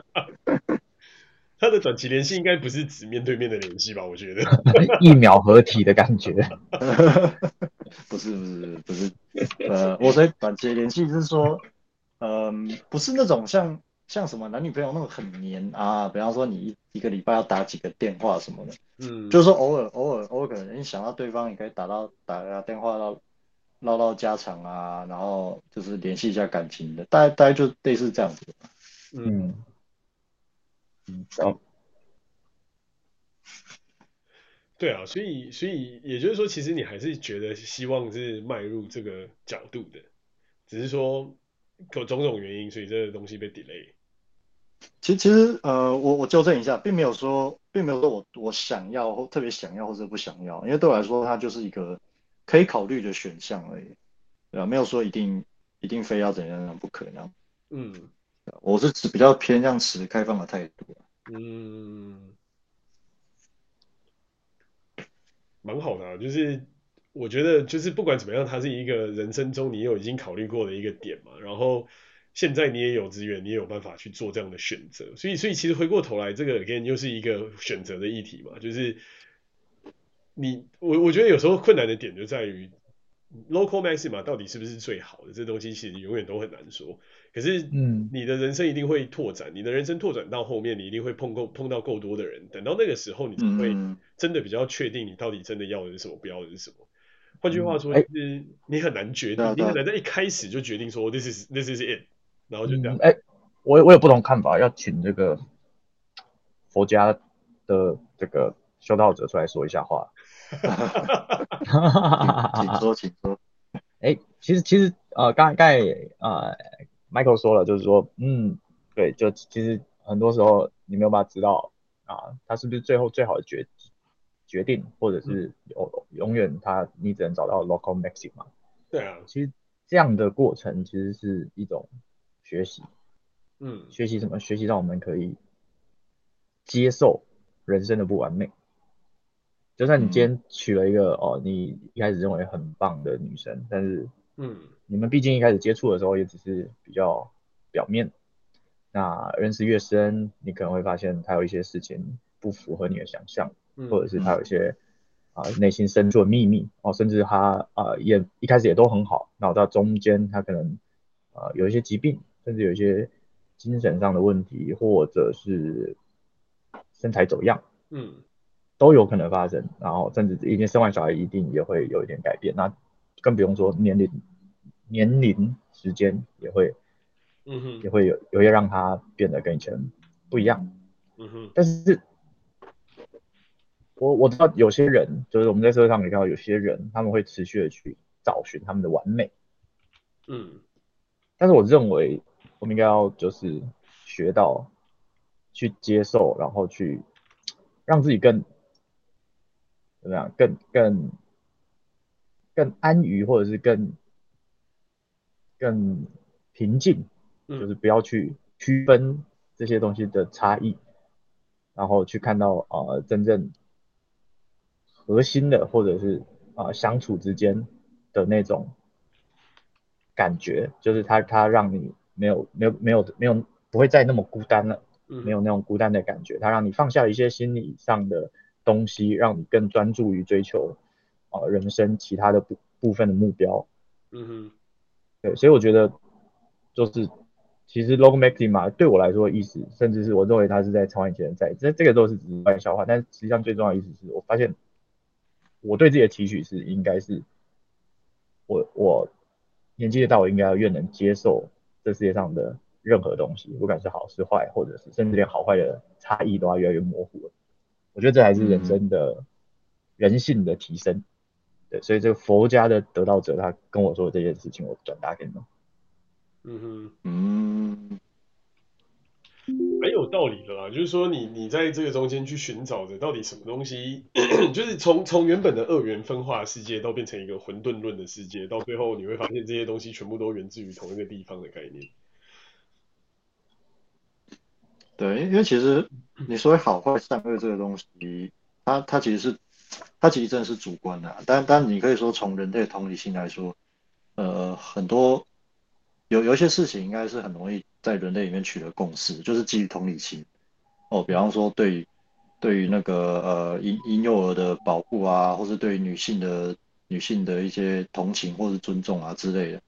他的短期聯繫應該不是指面對面的聯繫吧？我覺得 一秒合體的感覺， 不是不是不是 呃，我的短期聯繫是說，嗯、呃，不是那種像。像什麼男女朋友那個很黏啊，比方說你一一個禮拜要打幾個電話什麼的，嗯，就是說偶爾偶爾偶爾可能你想到對方，也可以打到打個電話嘮嘮嘮家常啊，然後就是聯繫一下感情的，大概大概就類似這樣子，嗯，嗯好，對啊，所以所以也就是說，其實你還是覺得希望是邁入這個角度的，只是說有種種原因，所以這個東西被 delay。其實，呃，我我糾正一下，並沒有說，並沒有說我我想要或特別想要或者不想要，因為對我來說，它就是一個可以考慮的選項而已，對吧，沒有說一定一定非要怎樣怎樣不可能。嗯，我是指比較偏向持開放的態度。嗯，蠻好的，就是我覺得就是不管怎麼樣，它是一個人生中你有已經考慮過的一個點嘛，然後。現在你也有資源，你也有辦法去做這樣的選擇，所以，所以其實回過頭來，這個 again 又是一個選擇的議題嘛，就是你我我覺得有時候困難的點就在於 local max 嘛，到底是不是最好的？這東西其實永遠都很難說。可是，嗯，你的人生一定會拓展，嗯、你的人生拓展到後面，你一定會碰夠碰到夠多的人，等到那個時候，你才會真的比較確定你到底真的要的是什麼，不要的是什麼。嗯、換句話說，就是你很難決定，欸、你很難在一開始就決定說 this is this is it。然後就講哎、嗯、欸，我我有不同看法，要請這個佛家的這個修道者出來說一下話。 請說，請說。哎、欸，其實其實呃，剛剛才，剛才呃，Michael 說了，就是說嗯，對，就其實很多時候你沒有辦法知道啊、呃，他是不是最後最好的決決定，或者是永遠他你只能找到 local maxima 嘛？對啊，其實這樣的過程其實是一種。學習，嗯，學習什麼？學習讓我們可以接受人生的不完美。就算你今天娶了一個、嗯、哦，你一開始認為很棒的女生，但是，嗯，你們畢竟一開始接觸的時候也只是比較表面。那認識越深，你可能會發現她有一些事情不符合你的想象，嗯、或者是她有一些啊、呃、內心深處的秘密哦，甚至她啊、呃、也一開始也都很好，然後到中間她可能、呃、有一些疾病。甚至有一些精神上的問題，或者是身材走樣，嗯，都有可能發生。然後，甚至已經生完小孩，一定也會有一點改變。那更不用說年齡、年齡、時間也會，嗯哼，也會有有些讓他變得跟以前不一樣。嗯哼，但是，我我知道有些人，就是我們在社會上可以看到有些人，他們會持續的去找尋他們的完美，嗯，但是我認為。我們應該要就是學到去接受，然後去讓自己更怎麼樣，更更更安於，或者是更更平靜，嗯、就是不要去區分這些東西的差異，然後去看到啊、呃、真正核心的，或者是啊、呃、相處之間的那種感覺，就是它它讓你。沒有，沒有，沒有，沒有，不會再那麼孤單了，沒有那種孤單的感覺。它讓你放下一些心理上的東西，讓你更專注於追求啊、呃、人生其他的部部分的目標。嗯哼，對，所以我覺得就是其實 log m a x i 嘛，對我來說的意思，甚至是我認為他是在超以前在，這這個都是只是玩笑話，但實際上最重要的意思是我發現我對自己的期許是應該是我我年紀越大，我應該要越能接受。這世界上的任何東西，不管是好是壞，或者是甚至連好壞的差異都要越來越模糊了。我覺得這還是人生的、嗯哼、人性的提升。對，所以這個佛家的得道者，他跟我說的這件事情，我轉達給你。嗯哼，嗯。有道理的啦，就是說你你在這個中間去尋找着到底什麼東西，就是從從原本的二元分化世界，到變成一個混沌論的世界，到最後你會發現這些東西全部都源自於同一個地方的概念。對，因為其實你說好壞善惡這個東西，它它其實是它其實真的是主觀的啊，但但你可以說從人類同理心來說，呃，很多。有有些事情應該是很容易在人類裡面取得共識，就是基於同理心哦，比方說對於對於那個呃嬰嬰幼兒的保護啊，或是對於女性的女性的一些同情或是尊重啊之類的，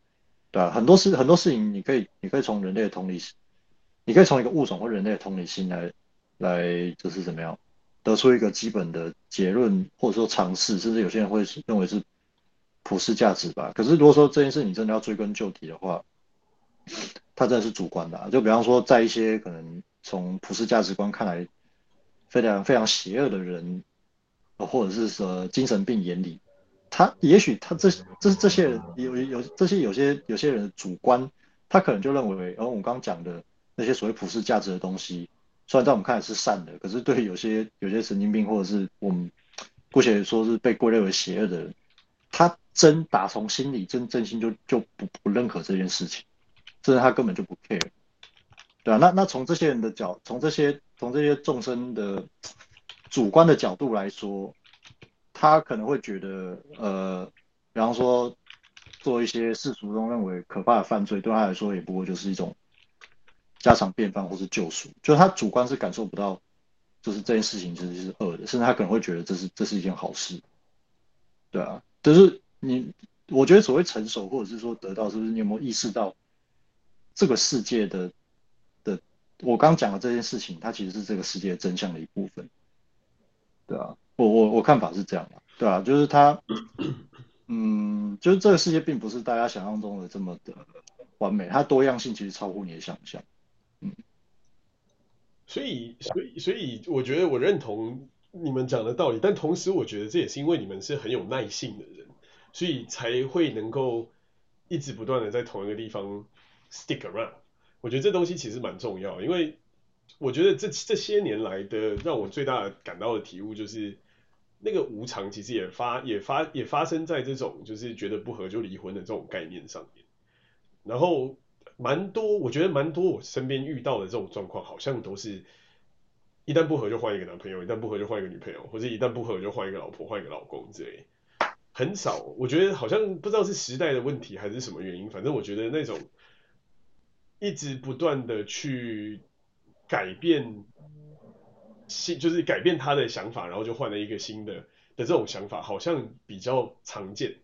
對啊很多事很多事情你可以你可以從人類的同理心，你可以從一個物種或人類的同理心來來就是怎麼樣得出一個基本的結論，或者說嘗試，甚至有些人會認為是普世價值吧。可是如果說這件事你真的要追根究底的話，他真的是主觀的啊，就比方說，在一些可能從普世價值觀看來非常非常邪惡的人，或者是說精神病眼裡，他也許他這這這些人有有這些有些有些人的主觀，他可能就認為，而、哦、我我剛講的那些所謂普世價值的東西，雖然在我們看來是善的，可是對有些有些神經病或者是我們姑且說是被歸類為邪惡的人，他真打從心裡真真心就就不不認可這件事情。甚至他根本就不 care。對啊，那那從這些人的角，從這些從這些眾生的主觀的角度來說，他可能會覺得，呃，比方說做一些世俗中認為可怕的犯罪，對他來說也不過就是一種家常便飯或是救贖，就是他主觀是感受不到，就是這件事情其實是惡的，甚至他可能會覺得這是這是一件好事，對啊，就是你，我覺得所謂成熟或者是說得到，是不是你有沒有意識到？這個世界的的，我剛講的這件事情，它其實是這個世界的真相的一部分，對啊，我我我看法是這樣，對啊，就是它， 嗯，就是這個世界並不是大家想象中的這麼的完美，它多樣性其實超乎你的想象嗯。所以，所以，所以，我覺得我認同你們講的道理，但同時，我覺得這也是因為你們是很有耐性的人，所以才會能夠一直不斷的在同一個地方。Stick around，我覺得這東西其實蠻重要，因為我覺得這這些年來的讓我最大的感到的體悟就是，那個無常其實也發也發也發生在這種就是覺得不合就離婚的這種概念上面。然後蠻多，我覺得蠻多我身邊遇到的這種狀況，好像都是一旦不合就換一個男朋友，一旦不合就換一個女朋友，或者一旦不合就換一個老婆換一個老公之類。很少，我覺得好像不知道是時代的問題還是什麼原因，反正我覺得那種。一直不斷的去改變，新就是改變他的想法，然後就換了一個新的的這種想法，好像比較常見。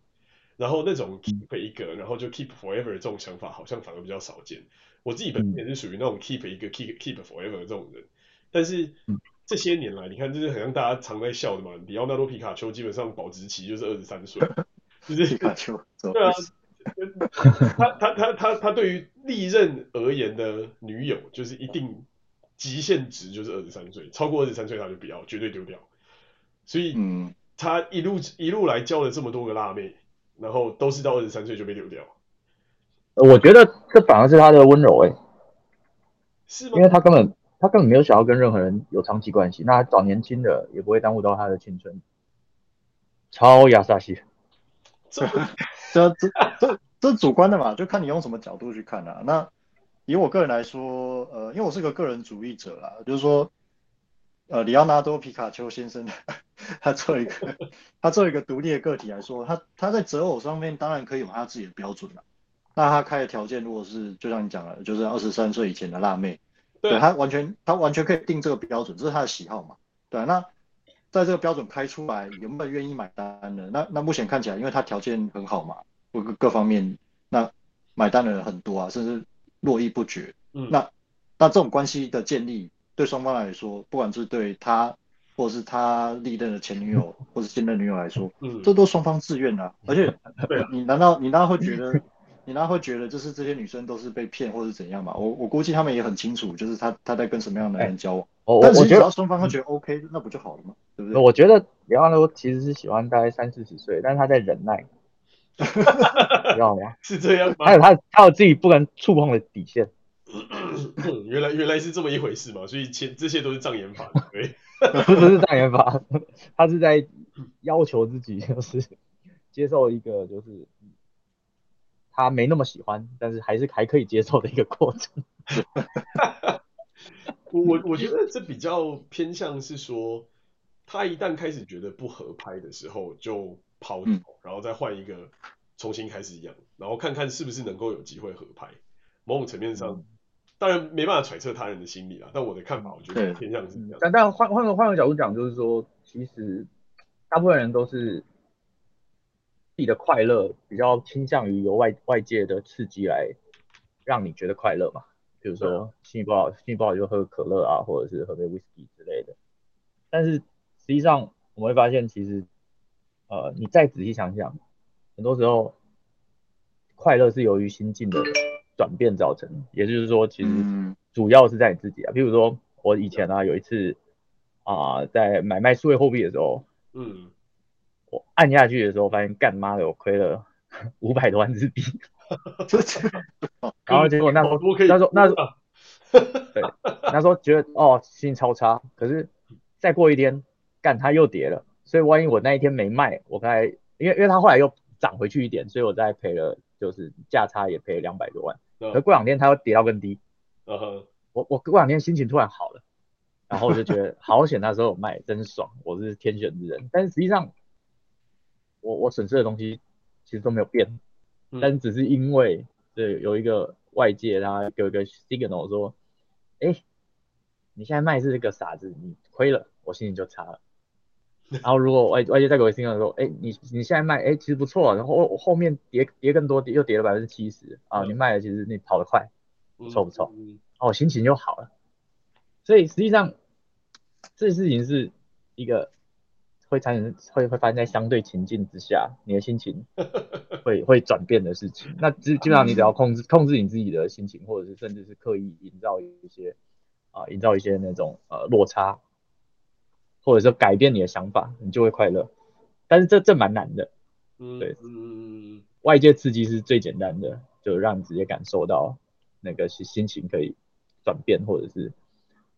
然後那種 keep 一個，然後就 keep forever 的這種想法，好像反而比較少見。我自己本身也是屬於那種 keep 一個、嗯、keep keep forever 這種人，但是這些年來，你看，就是好像大家常在笑的嘛，李奧納多皮卡丘基本上保質期就是二十三歲， 就是、皮卡丘， 對啊，就是、他他他他他對於歷任而言的女友，就是一定極限值，就是二十三歲，超過二十三歲他就不要，絕對丟掉。所以，嗯，他一路、嗯、一路來交了這麼多個辣妹，然後都是到二十三歲就被丟掉、呃。我覺得這反而是他的溫柔哎、欸，是嗎？因為他根本他根本沒有想要跟任何人有長期關係，那還找年輕的也不會耽誤到他的青春，超亞薩西，這這這。這是主觀的嘛，就看你用什麼角度去看啦。那以我個人來說，呃，因為我是個個人主義者啦，就是說，呃，里奧納多皮卡丘先生， 他做一個他做一個獨立的個體來說，他他在擇偶上面當然可以有他自己的標準了。那他開的條件如果是就像你講了，就是二十三歲以前的辣妹，對，對，他完全他完全可以定這個標準，這是他的喜好嘛。對，那在這個標準開出來，有沒有願意買單的？那那目前看起來，因為他條件很好嘛。各各方面，那買單的人很多啊，甚至絡繹不絕。嗯、那那這種關係的建立，對雙方來說，不管是對他，或者是他歷任的前女友或者現任女友來說，嗯、這都雙方自願的、啊。而且，對、嗯，你難道你難道會覺得，你難道會覺得，嗯、覺得就是這些女生都是被騙或者怎樣嘛？我我估計他們也很清楚，就是他他在跟什麼樣的男人交往。欸、哦，我覺得但是只要雙方都覺得 OK，、嗯、那不就好了嗎？對不對？嗯、我覺得，比方說，其實是喜歡大概三四十歲，但是他在忍耐。哈哈哈，是這樣嗎？還有他，他有自己不能觸碰的底線。 嗯、原來原來是這麼一回事嘛，所以前這些都是障眼法，對， 不是障眼法，他是在要求自己，就是接受一個就是他沒那麼喜歡，但是還是還可以接受的一個過程。哈哈哈！我我我覺得這比較偏向是說，他一旦開始覺得不合拍的時候，就。拋掉，然後再換一個，重新開始一樣，嗯、然後看看是不是能夠有機會合拍。某種層面上，當然沒辦法揣測他人的心理啦。但我的看法，我覺得偏向是這樣、嗯。但但換換個換個角度講，就是說，其實大部分人都是自己的快樂比較傾向於由外外界的刺激來讓你覺得快樂嘛。比如說心情不好，心情不好就喝可樂啊，或者是喝杯威士忌之類的。但是實際上我們會發現，其實。呃，你再仔細想想，很多時候快樂是由於心境的轉變造成的，也就是說，其實主要是在你自己啊。比、嗯、如說我以前啊有一次啊、呃、在買賣數位貨幣的時候，嗯，我按下去的時候發現，幹媽的我虧了五百多萬日幣，哈哈，然後結果那時候說那時候那時候，那時候對那時候覺得哦心情超差，可是再過一天，幹，它又跌了。所以萬一我那一天沒賣，我剛才因為因為他後來又漲回去一點，所以我再賠了，就是價差也賠了兩百多萬。對。可過兩天它又跌到更低，嗯哼、uh huh.。我我過兩天心情突然好了，然後我就覺得 好險，那時候有賣，真爽，我是天選之人。但是實際上，我我損失的東西其實都沒有變，但只是因為對有一個外界他有一個 signal 說，哎、欸，你現在賣是這個傻子，你虧了，我心情就差了。 然後如果外外界再給我信號說，哎，你你現在賣，哎，其實不錯、啊，然後我我後面跌跌更多，又跌了百分之七十啊，嗯、你賣了，其實你跑得快，不錯不錯，嗯嗯、哦，心情就好了。所以實際上，這事情是一個會產生會會發生在相對情境之下，你的心情會 會，會轉變的事情。那只基本上你只要控制控制你自己的心情，或者是甚至是刻意營造一些啊、呃，營造一些那種呃落差。或者說改變你的想法，你就會快樂，但是這這蠻難的，嗯，對、嗯，外界刺激是最簡單的，就讓你直接感受到那個心心情可以轉變，或者是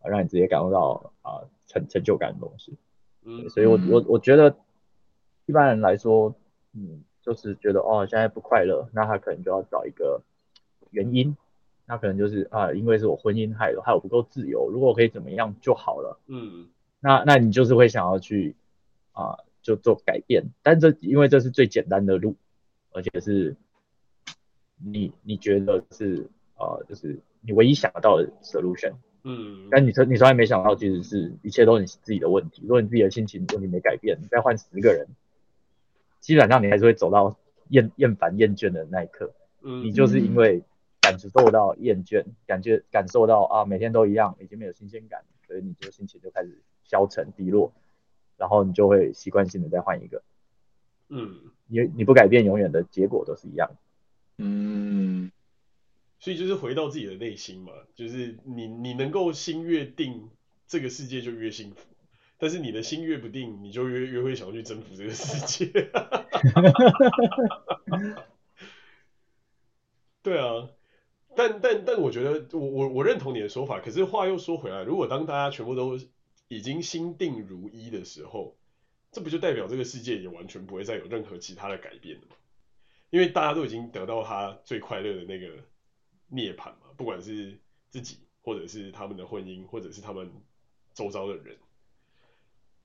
讓你直接感受到啊、呃、成成就感的東西，嗯，所以我我我覺得一般人來說，嗯，就是覺得哦現在不快樂，那他可能就要找一個原因，那可能就是啊、呃、因為是我婚姻害了，害我不夠自由，如果可以怎麼樣就好了，嗯。那那你就是會想要去啊、呃，就做改變，但是這因為這是最簡單的路，而且是你你覺得是啊、呃，就是你唯一想得到的 solution。嗯，嗯。但你從你從來沒想到，其實是一切都是你自己的問題，如果你自己的心情如果你沒改變，你再換十個人，基本上你還是會走到厭厭煩厭倦的那一刻。嗯，嗯。你就是因為感受到厭倦，感覺感受到啊，每天都一樣，已經沒有新鮮感，所以你這個心情就開始。消沉低落，然後你就會習慣性的再換一個，嗯，你你不改變，永遠的結果都是一樣，嗯，所以就是回到自己的內心嘛，就是你你能夠心越定，這個世界就越幸福，但是你的心越不定，你就越越會想要去征服這個世界， 對啊，但但但我覺得我我我認同你的說法，可是話又說回來，如果當大家全部都已經心定如一的時候，這不就代表這個世界也完全不會再有任何其他的改變了嗎？因為大家都已經得到他最快樂的那個涅槃嘛，不管是自己，或者是他們的婚姻，或者是他們周遭的人。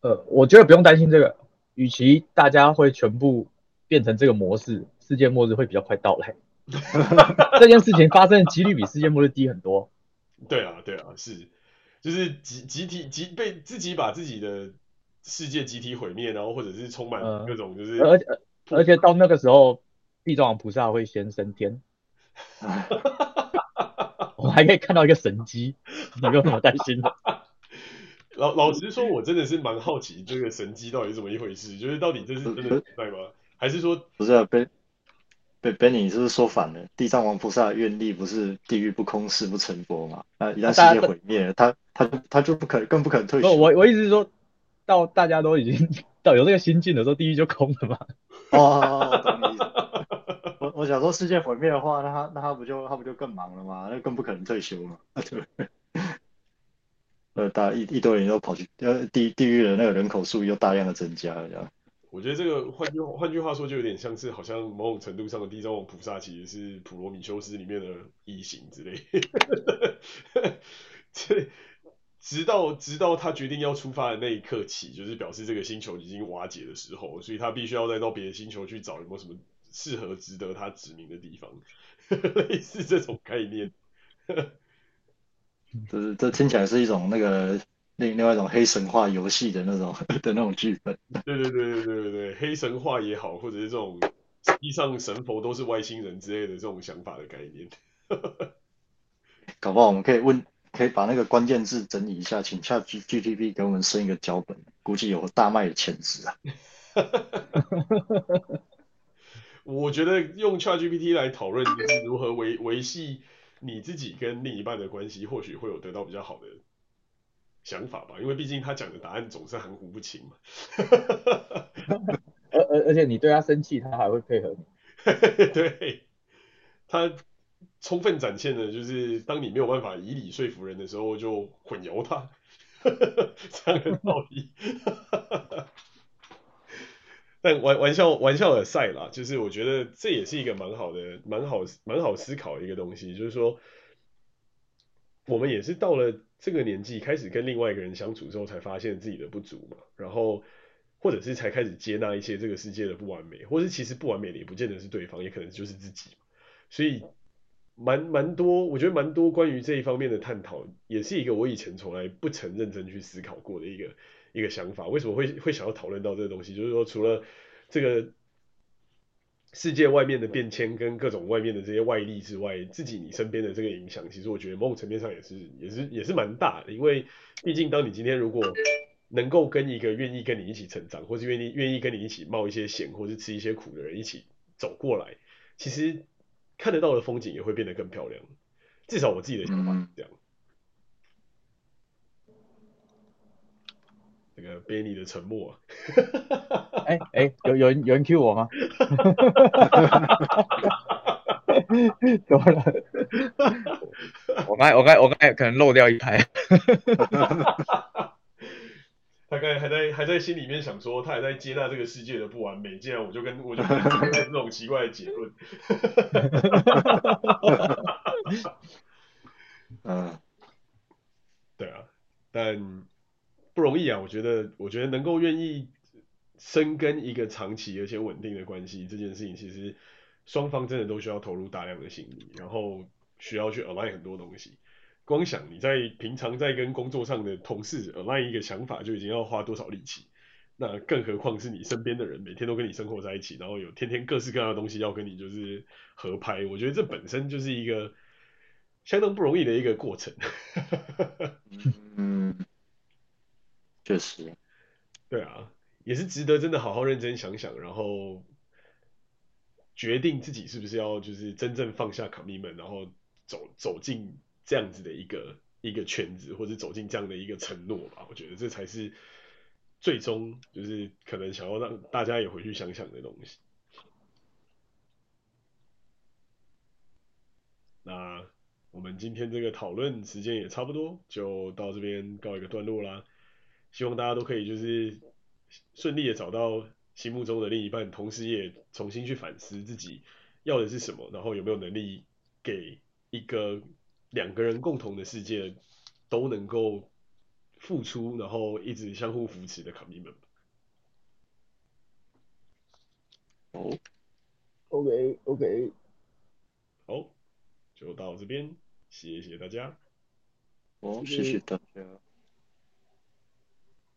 呃，我覺得不用擔心這個，與其大家會全部變成這個模式，世界末日會比較快到來。 這件事情發生的幾率比世界末日低很多。 對啊，對啊，是。就是集體集體集被自己把自己的世界集體毀滅，然後或者是充滿各種就是，嗯、而且而且到那個時候，地藏王菩薩會先升天， 我還可以看到一個神機，你不用那麼擔心了。 老老實說，我真的是蠻好奇這個神機到底是怎麼一回事，就是到底這是真的存在嗎？還是說不是、啊、被？對 Benny，你是不是說反了？地藏王菩薩的願力不是地獄不空，誓不成佛嘛？那，一旦世界毀滅了，他他他就不可更不可能退休我。我我意思是說，到大家都已經到有這個心境的時候，地獄就空了嘛。哦，oh, oh, oh, 懂你意思 我我想說，世界毀滅的話，那他那他不就他不就更忙了嗎？那更不可能退休了，對 不對？呃，大一一堆人又跑去地地獄的那個人口數又大量的增加了。這樣我覺得這個換句換句話說，就有點像是好像某種程度上的地藏王菩薩其實是普羅米修斯裡面的異形之類。這 直到直到他決定要出發的那一刻起，就是表示這個星球已經瓦解的時候，所以他必須要再到別的星球去找有沒有什麼適合值得他殖民的地方， 類似這種概念。 這這聽起來是一種那個。另另外一種黑神話遊戲的那種的那種劇本，對對對對對對對，黑神話也好，或者是這種地上神佛都是外星人之類的這種想法的概念， 搞不好我們可以問，可以把那個關鍵字整理一下，請 Chat G P T 給我們生一個腳本，估計有大賣的潛質啊。 我覺得用 Chat G P T 來討論是如何維維繫你自己跟另一半的關係，或許會有得到比較好的。想法吧，因為畢竟他講的答案總是含糊不清嘛，而而 而且你對他生氣，他還會配合你， 對，他充分展現了就是當你沒有辦法以理說服人的時候，就混淆他，這樣的道理。哈哈哈哈，但玩玩笑玩笑的賽啦，就是我覺得這也是一個蠻好的、蠻好、蠻好思考的一個東西，就是說。我們也是到了這個年紀，開始跟另外一個人相處之後，才發現自己的不足嘛。然後，或者是才開始接納一些這個世界的不完美，或者其實不完美的也不見得是對方，也可能就是自己。所以，蠻蠻多，我覺得蠻多關於這一方面的探討，也是一個我以前從來不曾認真去思考過的一個一個想法。為什麼會會想要討論到這個東西？就是說，除了這個。世界外面的變遷跟各種外面的這些外力之外，自己你身邊的這個影響，其實我覺得某種層面上也是也是也是蠻大的。因為畢竟當你今天如果能夠跟一個願意跟你一起成長，或是願意願意跟你一起冒一些險，或是吃一些苦的人一起走過來，其實看得到的風景也會變得更漂亮。至少我自己的想法是這樣。貝你的沉默、啊，欸。哎、欸、哎，有有人有人 Q 我嗎？有人。有人我剛 我剛我剛可能漏掉一拍 。他剛才還在還在心裡面想說，他還在接納這個世界的不完美。竟然我就跟我就得出這種奇怪的結論。 嗯，對啊，但。不容易啊，我覺得，我覺得能夠願意深耕一個長期而且穩定的關係，這件事情其實雙方真的都需要投入大量的心力，然後需要去 align 很多東西。光想你在平常在跟工作上的同事 align 一個想法，就已經要花多少力氣？那更何況是你身邊的人，每天都跟你生活在一起，然後有天天各式各樣的東西要跟你就是合拍。我覺得這本身就是一個相當不容易的一個過程。 確實，對啊，也是值得真的好好認真想想，然後決定自己是不是要就是真正放下 commitment，然後走，走進這樣子的一個一個圈子，或者走進這樣的一個承諾吧。我覺得這才是最終，就是可能想要讓大家也回去想想的東西。那我們今天這個討論時間也差不多，就到這邊告一個段落啦。希望大家都可以就是順利的找到心目中的另一半，同時也重新去反思自己要的是什麼，然後有沒有能力給一個兩個人共同的世界都能夠付出，然後一直相互扶持的 couple。好，OK OK，好，就到這邊，謝謝大家，謝謝大家。